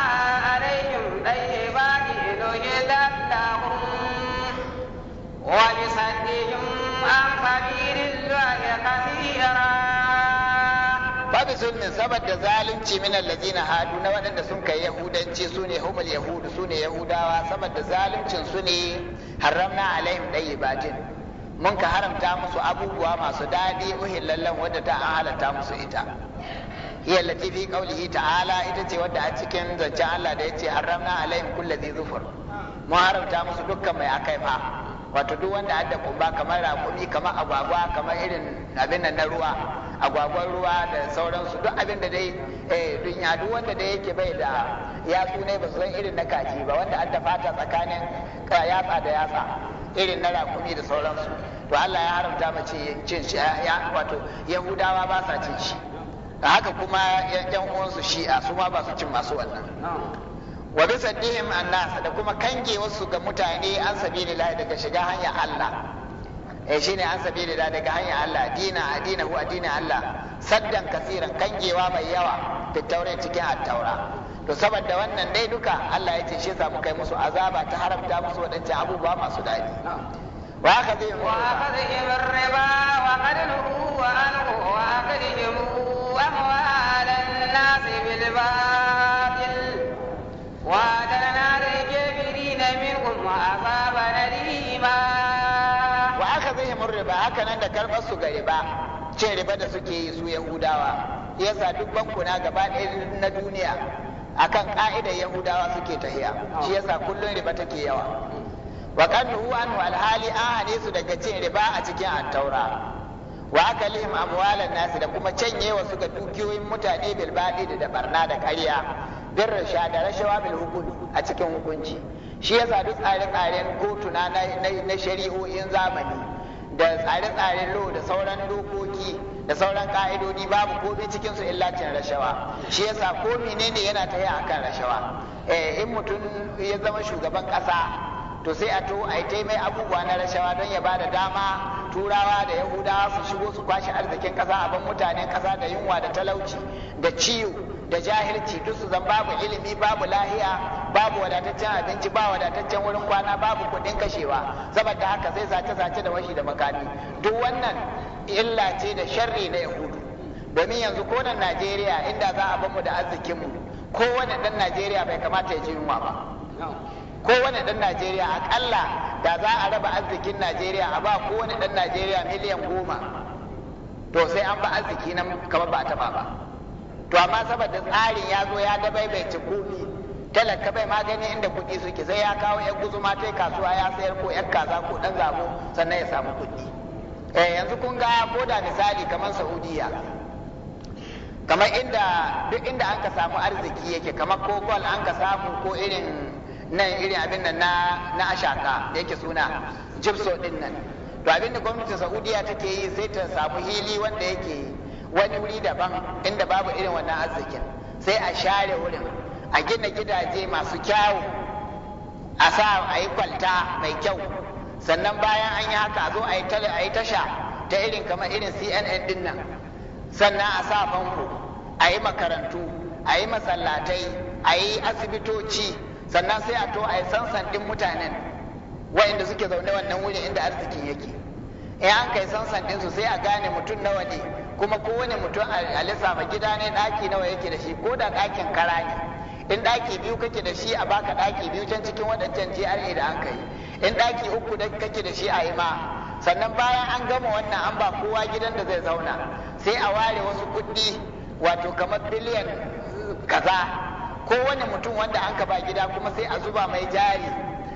عليهم طيبات نجد لهم ولصدهم عن سبيل الله كثيرا babu zulmin saboda zalunci min allazina hadu na waɗanda sun kai yahudanci su ne humul yahudu ne yahudawa saboda zaluncin su ne haramna alaihim dayyibatin mun ka haramta musu abubuwa masu daɗi uhillallan wadda ta an halatta musu ita hiya lati fi qawlihi ta'ala ita ce wadda a cikin zancen Allah da yace haramna alaihim kulli dhi zufur mu haramta musu dukkan mai fa wato duk wanda adda kumba kamar raƙumi kamar agwagwa kamar irin abin nan na ruwa agwagwan ruwa da sauransu duk abin da dai eh dunya duk wanda da yake bai da yatsu ne ba su san irin na kaji ba wanda adda fata tsakanin yatsa da yatsa irin na raƙumi da sauransu to Allah ya haramta mace cin shi ya wato yahudawa ba sa cin shi haka kuma yan uwansu shi'a su ma ba su cin masu wannan wa bi saddihim annas da kuma kange wasu ga mutane an lahi daga shiga hanyar Allah eh shine an lahi daga hanyar Allah dina adina hu adina Allah saddan kasiran kangewa mai yawa taurin cikin attaura to saboda wannan dai duka Allah ya ce shi za mu kai musu azaba ta haramta musu waɗancan abubuwa masu dadi. wa aka zai wa aka wa wa الناس بالباطل وأعتدنا للكافرين منهم وأصابنا nan وأخذهم الربا هكذا عند كربس غريبا ce riba da suke yi su Yahudawa Ya sa duk bankuna gaba na duniya a kan ƙa'idar Yahudawa suke tahiya shi ya sa kullum riba take yawa wa kan anhu alhali an hane su daga cin riba a cikin attaura wa akalihim amwalan nasi da kuma canye canyewa suka dukiyoyin mutane bil baɗi da barna da ƙarya bin rasha da rashawa bil hukumi a cikin hukunci shi yasa duk tsare-tsaren kotuna na shari'o'in zamani da tsare-tsaren lo da sauran dokoki da sauran ka'idodi babu komai cikin su illa cin rashawa shi yasa ko menene yana ta yi akan rashawa eh in mutum ya zama shugaban ƙasa to sai a to a yi taimai abubuwa na rashawa don ya ba da dama turawa da yahudawa su shigo su kwashe arzikin kasa a ban mutanen kasa da yunwa da talauci da ciwo da jahilci duk su zan babu ilimi babu lahiya babu wadataccen abinci ba wadataccen wurin kwana babu kuɗin kashewa saboda haka sai zace-zace da washi da makami duk wannan illa ce da sharri na yahudu domin yanzu ko nan najeriya inda za a bamu da arzikinmu kowane ɗan najeriya bai kamata ya ji yunwa ba kowane ɗan najeriya akalla da za a raba arzikin najeriya a ba kowane ɗan najeriya miliyan goma to sai an ba arziki nan kamar ba a taɓa ba to amma saboda tsarin ya zo ya ga baibaici komi talaka bai magani inda kuɗi suke sai ya kawo yan guzuma ta kasuwa ya sayar ko yan kaza ko ɗan zabo sannan ya samu kuɗi eh yanzu kun ga ko da misali kamar saudiya kamar inda duk inda an ka samu arziki yake kamar ko gol an ka samu ko irin nan irin abin nan na ashaka da yake suna jibso din nan to abin da gwamnatin saudiya take yi sai ta samu hili wanda yake wani wuri daban inda babu irin wannan arzikin sai a share wurin a gina gidaje masu kyawu a sa a yi kwalta mai kyau sannan bayan an yi haka zo a yi tasha ta irin kamar irin cnn din nan sannan a sa famfo a yi makarantu a yi masallatai a yi asibitoci sannan sai a to a yi sansan ɗin mutanen wa'inda suke zaune wannan wurin inda arzikin yake in an kai sansan ɗinsu su sai a gane mutum nawa ne kuma kowane mutum a lissafa gida ne ɗaki nawa yake da shi ko da ɗakin kara ne in ɗaki biyu kake da shi a baka ɗaki biyu can cikin waɗancan GRA da an kai in ɗaki uku da kake da shi a yi ma sannan bayan an gama wannan an ba kowa gidan da zai zauna sai a ware wasu kuɗi wato kamar biliyan kaza kowane mutum wanda anka ba gida kuma sai a zuba mai jari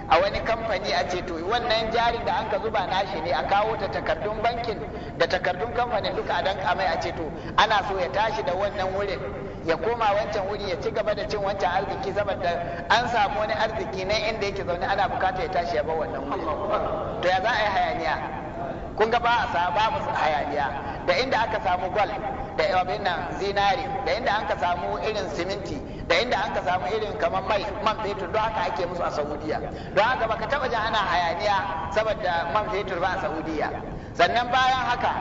a wani kamfani a ce to wannan jari da anka zuba nashi ne a kawo ta takardun bankin da takardun kamfanin duka a danka mai a ce to ana so ya tashi da wannan wurin ya koma wancan wuri ya ci gaba da cin wancan arziki saboda an samu wani arziki na inda yake zaune ana bukata ya tashi ya bar wannan wuri to ya za a yi hayaniya kun ga ba a ba musu hayaniya da inda aka samu gwal da abin nan zinari da inda an ka samu irin siminti da inda an ka samu irin kamar mai man fetur don haka ake musu a saudiya don haka baka taba jin ana hayaniya saboda man fetur ba a saudiya sannan bayan haka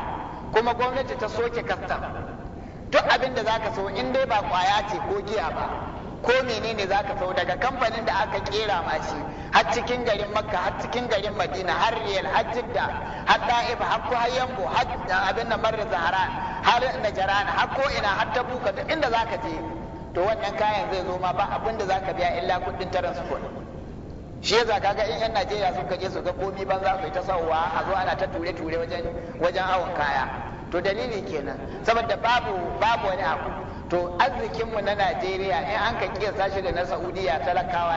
kuma gwamnati ta soke kastam duk abin da ka so in dai ba kwaya ce ko giya ba ko menene za ka sau daga kamfanin da aka kera mashi har cikin garin makka har cikin garin madina har riyal har jidda har da'ib har kuhayyanbo har eh, abin da marar zahara har najaran har ko ina har buka duk inda za ka je to wannan kayan zai zo ma ba abin da za ka biya illa kuɗin transport shi yasa kaga in yan Najeriya sun je su ga komi ban za su yi ta sauwa a zo ana ta ture ture wajen wajen awon kaya to dalili kenan saboda babu babu wani abu to arzikinmu na najeriya in an ka kiyasa shi da na saudiya talakawa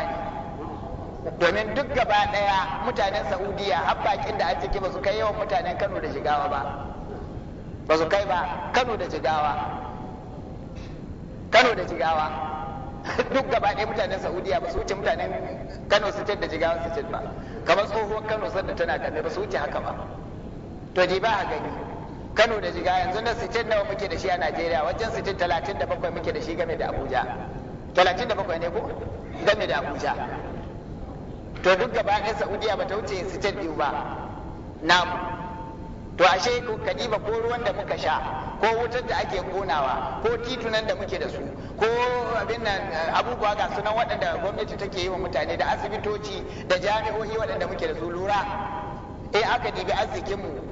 ne domin duk gaba ɗaya mutanen saudiya har bakin da arziki ciki ba su kai yawan mutanen kano da jigawa ba ba su kai ba kano da jigawa kano da jigawa duk gaba ɗaya mutanen saudiya ba su wuce mutanen kano su da jigawa sitin ba kamar tsohuwar kano sanda tana kame ba su wuce haka ba to ji ba a gani Kano da Jiga yanzu nan sitin nawa muke da shi a Najeriya wajen sitin talatin da bakwai muke da shi game da Abuja talatin da bakwai ne ko game da Abuja to duk gaba ɗaya Saudiya ba ta wuce sitin biyu ba mu. to ashe ka kadiba ko ruwan da muka sha ko wutar da ake konawa ko titunan da muke da su ko abin nan eh, abubuwa ga sunan waɗanda gwamnati take yi wa mutane da asibitoci da jami'o'i waɗanda muke da su lura eh aka dibi arzikinmu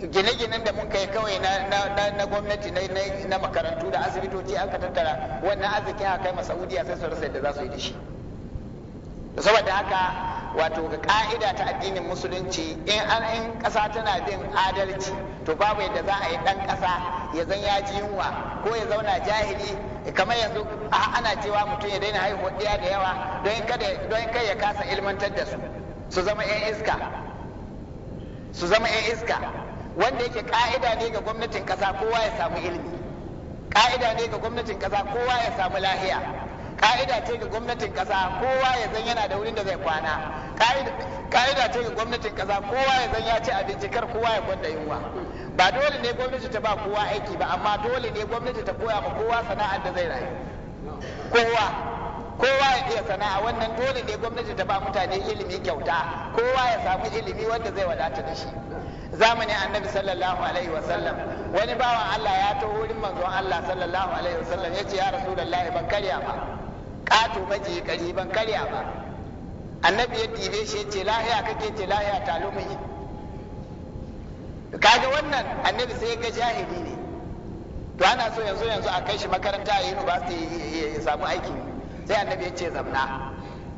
gine-ginen da mun kai kawai na gwamnati na makarantu da asibitoci an ka tattara wannan arzikin a kai masaudiya sai su rasa yadda za su yi da shi saboda haka wato ga ka'ida ta addinin musulunci in an in ƙasa tana bin adalci to babu yadda za a yi ɗan kasa ya zan ya ji yunwa ko ya zauna jahili kamar yanzu ana cewa mutum ya daina haihuwa ɗaya da yawa don kada don kai ya kasa ilmantar da su su zama 'yan iska su zama 'yan iska wanda yake ka'ida ne ga gwamnatin kasa kowa ya samu ilimi ka'ida ne ga gwamnatin kasa kowa ya samu lahiya ka'ida ce ga gwamnatin kasa kowa ya zan yana da wurin da zai kwana ka'ida ce ga gwamnatin kasa kowa ya zan ya ci abinci kar kowa ya gwanda yunwa ba dole ne gwamnati ta ba kowa aiki ba amma dole ne gwamnati ta koya ma kowa sana'ar da zai rayu kowa kowa ya iya sana'a wannan dole ne gwamnati ta ba mutane ilimi kyauta kowa ya samu ilimi wanda zai wadata da shi zamanin annabi sallallahu alaihi wasallam wani bawan Allah ya taho wurin manzon Allah sallallahu alaihi wasallam ya ce ya rasulullahi ban karya ba ƙato maji kari ban karya ba annabi ya dibe shi ya ce lahiya kake ce lahiya talumi kaga wannan annabi sai ga jahili ne to ana so yanzu yanzu a kai shi makaranta a university ya samu aiki sai annabi ya ce zamna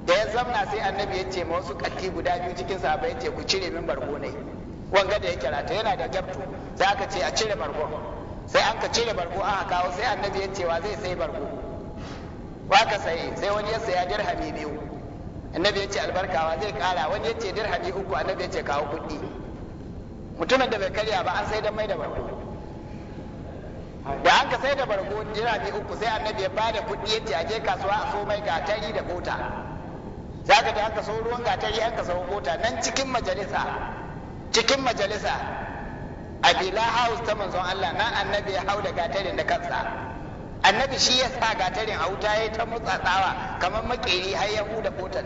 da ya zamna sai annabi ya ce ma wasu katti guda biyu cikin sahabbai ya ce ku cire min bargo ne wanga da yake rata yana da gabto za ka ce a cire bargo sai an ka cire bargo aka kawo sai annabi ya cewa zai sai bargo wa ka saye sai wani ya saya dirhami biyu annabi ya ce albarkawa zai kara wani ya ce dirhami uku annabi ya ce kawo kuɗi mutumin da bai karya ba an sai da mai da bargo da an ka sai da bargo dirhami uku sai annabi ya bada kuɗi ya ce a je kasuwa a so mai gatari da kota za ka da aka so ruwan gatari an ka so kota nan cikin majalisa cikin majalisa a bila house ta manzon Allah nan annabi ya hau da gatarin da kansa annabi shi ya sa gatarin a wuta ya ta mutsatsawa kamar makeri har ya huda kotar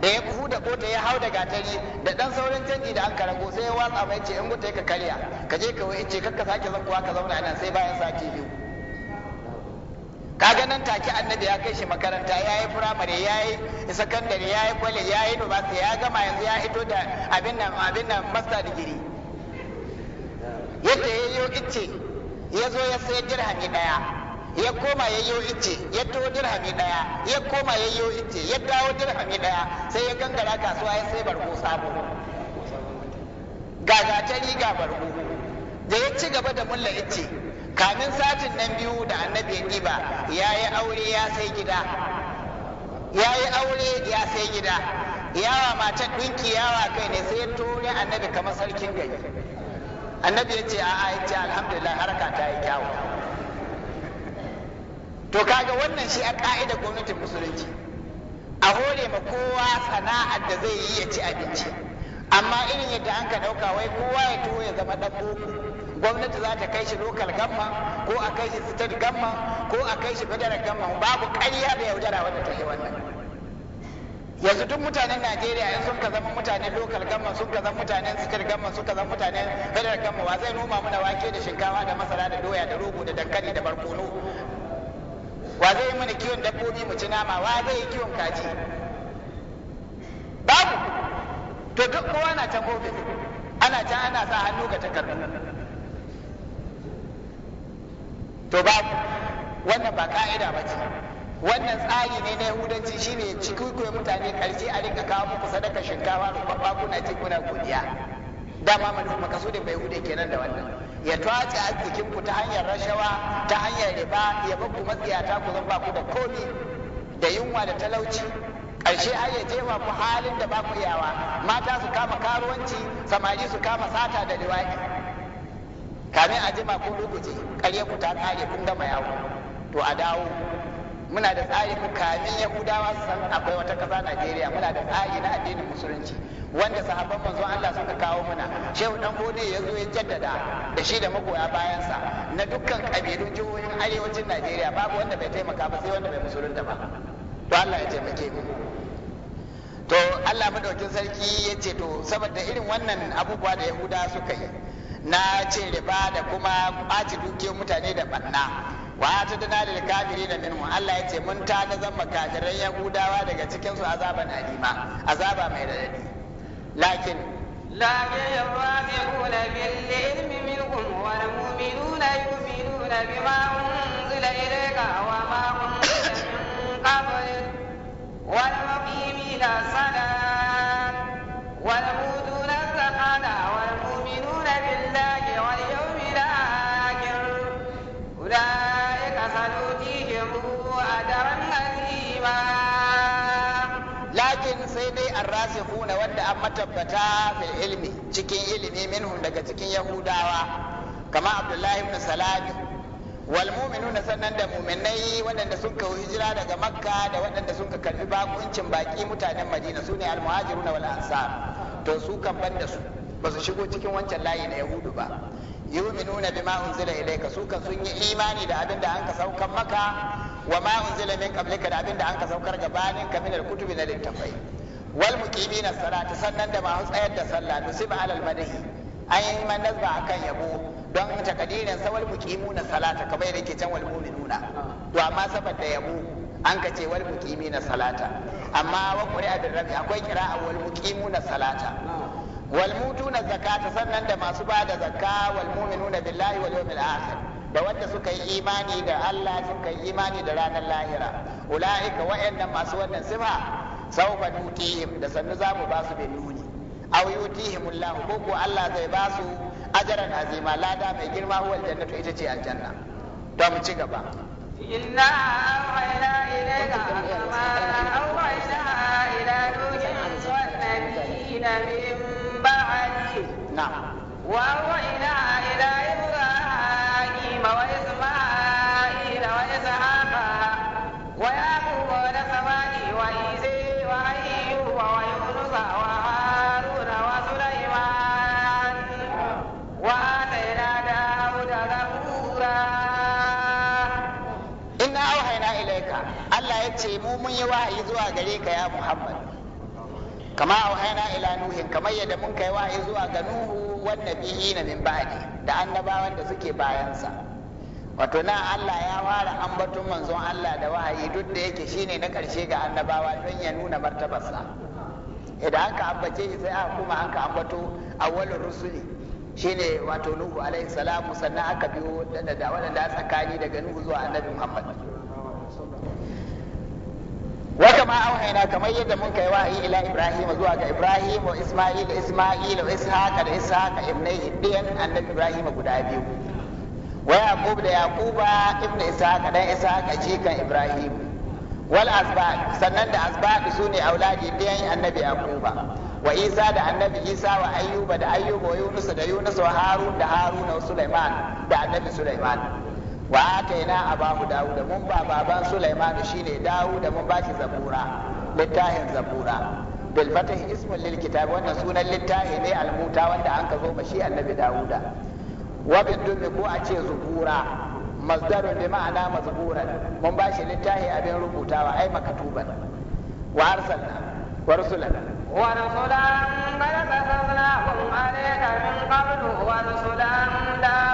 da ya huda kotar ya hau da gatari da dan sauran canji da an karago sai ya watsa mai ce in wuta ka karya ka je ka ce kakka sake zan kuwa ka zauna nan sai bayan sati biyu kaga nan take annabi ya kai shi makaranta ya yi firamare ya yi sakandare ya yi kwale ya yi nubasa ya gama yanzu ya hito da abin nan abin nan masta digiri yadda ya yi ice ya zo ya sayar dirhami daya ya koma ya yi ice ya taho dirhami daya ya koma ya yi ice ya dawo dirhami daya sai ya gangara kasuwa ya sai Bargo sabo gagatari ga Bargo da ya ci gaba da mulla ice kamin satin nan biyu da annabi ya ɗiba ya yi aure ya sai gida ya yi aure ya sai gida yawa matan ɗinki yawa kai ne sai ya tori annabi kamar sarkin gari annabi ya ce a'a ya ce alhamdulillah haraka ta yi kyawu to kaga wannan shi a ƙa'idar gwamnatin musulunci a hore ma kowa sana'ar da zai yi ya ci abinci amma irin yadda an ka ɗauka wai kowa ya tuwo ya zama ɗan boko gwamnati za ta kai shi lokal gamma ko a kai shi state gamma ko a kai shi federal gamma babu ƙarya da yaudara wanda ta yi wannan yanzu duk mutanen najeriya in sun ka zama mutanen lokal gamma sun ka zama mutanen state gamma sun ka zama mutanen federal gamma wa zai noma mana wake da shinkawa da masara da doya da rogo da dankali da barkono wa zai yi mana kiwon dabbobi mu ci nama wa zai yi kiwon kaji babu to duk kowa na can ofis ana can ana sa hannu ga takardu to babu wannan ba ka'ida ba ce wannan tsari ne na yahudanci shine ciki kuwa mutane karshe a rinka kawo muku sadaka shinkafa rubabba kuna ce kuna godiya dama da bai hude kenan da wannan ya tace arzikin ku ta hanyar rashawa ta hanyar riba ya bakku matsiyata ku zan ba ku da komi da yunwa da talauci ƙarshe ai ya jefa ku halin da ba ku iyawa mata su kama karuwanci samari su kama sata da liwaɗi kamin a jima kun ruguje ƙarya ku ta ƙare kun gama yawo to a dawo muna da tsari ku kamin yahudawa su san akwai wata ƙasa najeriya muna da tsari na addinin musulunci wanda sahabban manzon Allah suka kawo muna shehu dan bone ya zo ya jaddada da shi da magoya bayansa na dukkan kabilun jihohin arewacin Najeriya babu wanda bai taimaka ba sai wanda bai musulunta ba to Allah ya taimake mu to Allah madaukin sarki ya ce to saboda irin wannan abubuwa da yahuda suka yi na ce riba da kuma ɓaci dukiyar mutane da banna wa ta dana da kafiri da minmu Allah ya ce mun ta na zan kafiran yahudawa daga cikin su azaban alima azaba mai radadi lakin la yawafiquna bil ilmi minhum wa al mu'minuna yu'minuna bima unzila ilayka wa ma unzila min qablik والمقيمين الصلاة والمؤتون الزكاة والمؤمنون بالله واليوم الآخر أولئك سنؤتيهم أجرا عظيما lakin sai dai an na wanda an matabbata fil ilmi cikin ilimi minhum daga cikin yahudawa kama abdullahi ibn salami wal mu'minuna sannan da mu'minai waɗanda sun kawo hijira daga makka da waɗanda sun ka karbi bakuncin baki mutanen madina su ne na wal ansar to su kan banda su ba su shigo cikin wancan layi na yahudu ba yu'minuna bima unzila ilayka su kan sun yi imani da abin da an ka saukan maka wa ma unzila min qablika da abin da an ka saukar gabanin ka min al-kutubi na littafai wal muqimina salata sannan da ma tsayar da sallah nusiba alal madahi an yi man nazba kan yabo don takadirin sawal na salata kamar yadda ke can wal nuna to amma saboda yabo an ka ce wal muqimina salata amma wa qur'a bil rabi akwai a wal na salata wal na zakata sannan da masu ba da zakka wal mu'minuna billahi wal yawmil akhir da wanda suka yi imani da Allah suka yi imani da ranar lahira ula'ika wa'annan masu wannan sifa saufa nutihim da sannu za mu ba su bin nuni aw yutihim Allah ko ko Allah zai ba su ajran azima lada mai girma huwal to ita ce aljanna to mu ci gaba inna awhayna ilayka kama awhayna ila nuhin wan nabiyina min ba'di na'am wa awhayna ilayka ce mu mun yi wahayi zuwa gare ka ya muhammad kama ila nuhin kamar yadda mun kai wahayi zuwa ga nuhu wan na min ba'di da annabawan da suke bayansa wato na Allah ya ware ambaton manzon Allah da wahayi duk da yake shine na karshe ga annabawa don ya nuna martabarsa idan aka ambace shi sai aka kuma aka ambato awwalur rusuli shine wato nuhu alaihi salamu sannan aka biyo da da wadanda tsakani daga nuhu zuwa annabi muhammad wa kama auhayna kamar yadda mun kai wahayi ila ibrahim zuwa ga ibrahim wa isma'il da isma'il wa ishaqa da ishaqa ibnai iddiyan annabi ibrahim guda biyu wa yaqub da yaquba ibn ishaqa dan ishaqa jikan ibrahim wal asbab sannan da asbab sune auladi ɗayan annabi yaquba wa isa da annabi isa wa ayyuba da ayyuba wa yunus da yunus wa harun da harun wa sulaiman da annabi sulaiman wa a abahu dawuda mun ba baban sulaimanu shine dawuda mun bashi zabura littafin zabura bil fatah ismun lil kitab wannan sunan littahi ne almuta wanda an ka zo ba shi annabi dawuda wa bi dumi ko a ce zubura masdarun bi ma'ana mazbura mun bashi littafi abin rubutawa ai makatuban wa arsalna wa rusulana wa rusulan qad qasamnahum alayka min qablu wa rusulan da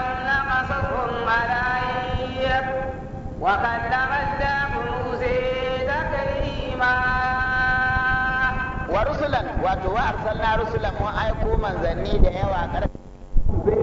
وكلم موسى تكليما ورسلا وتوارسلنا رسلا وأيكو منزلني دعوة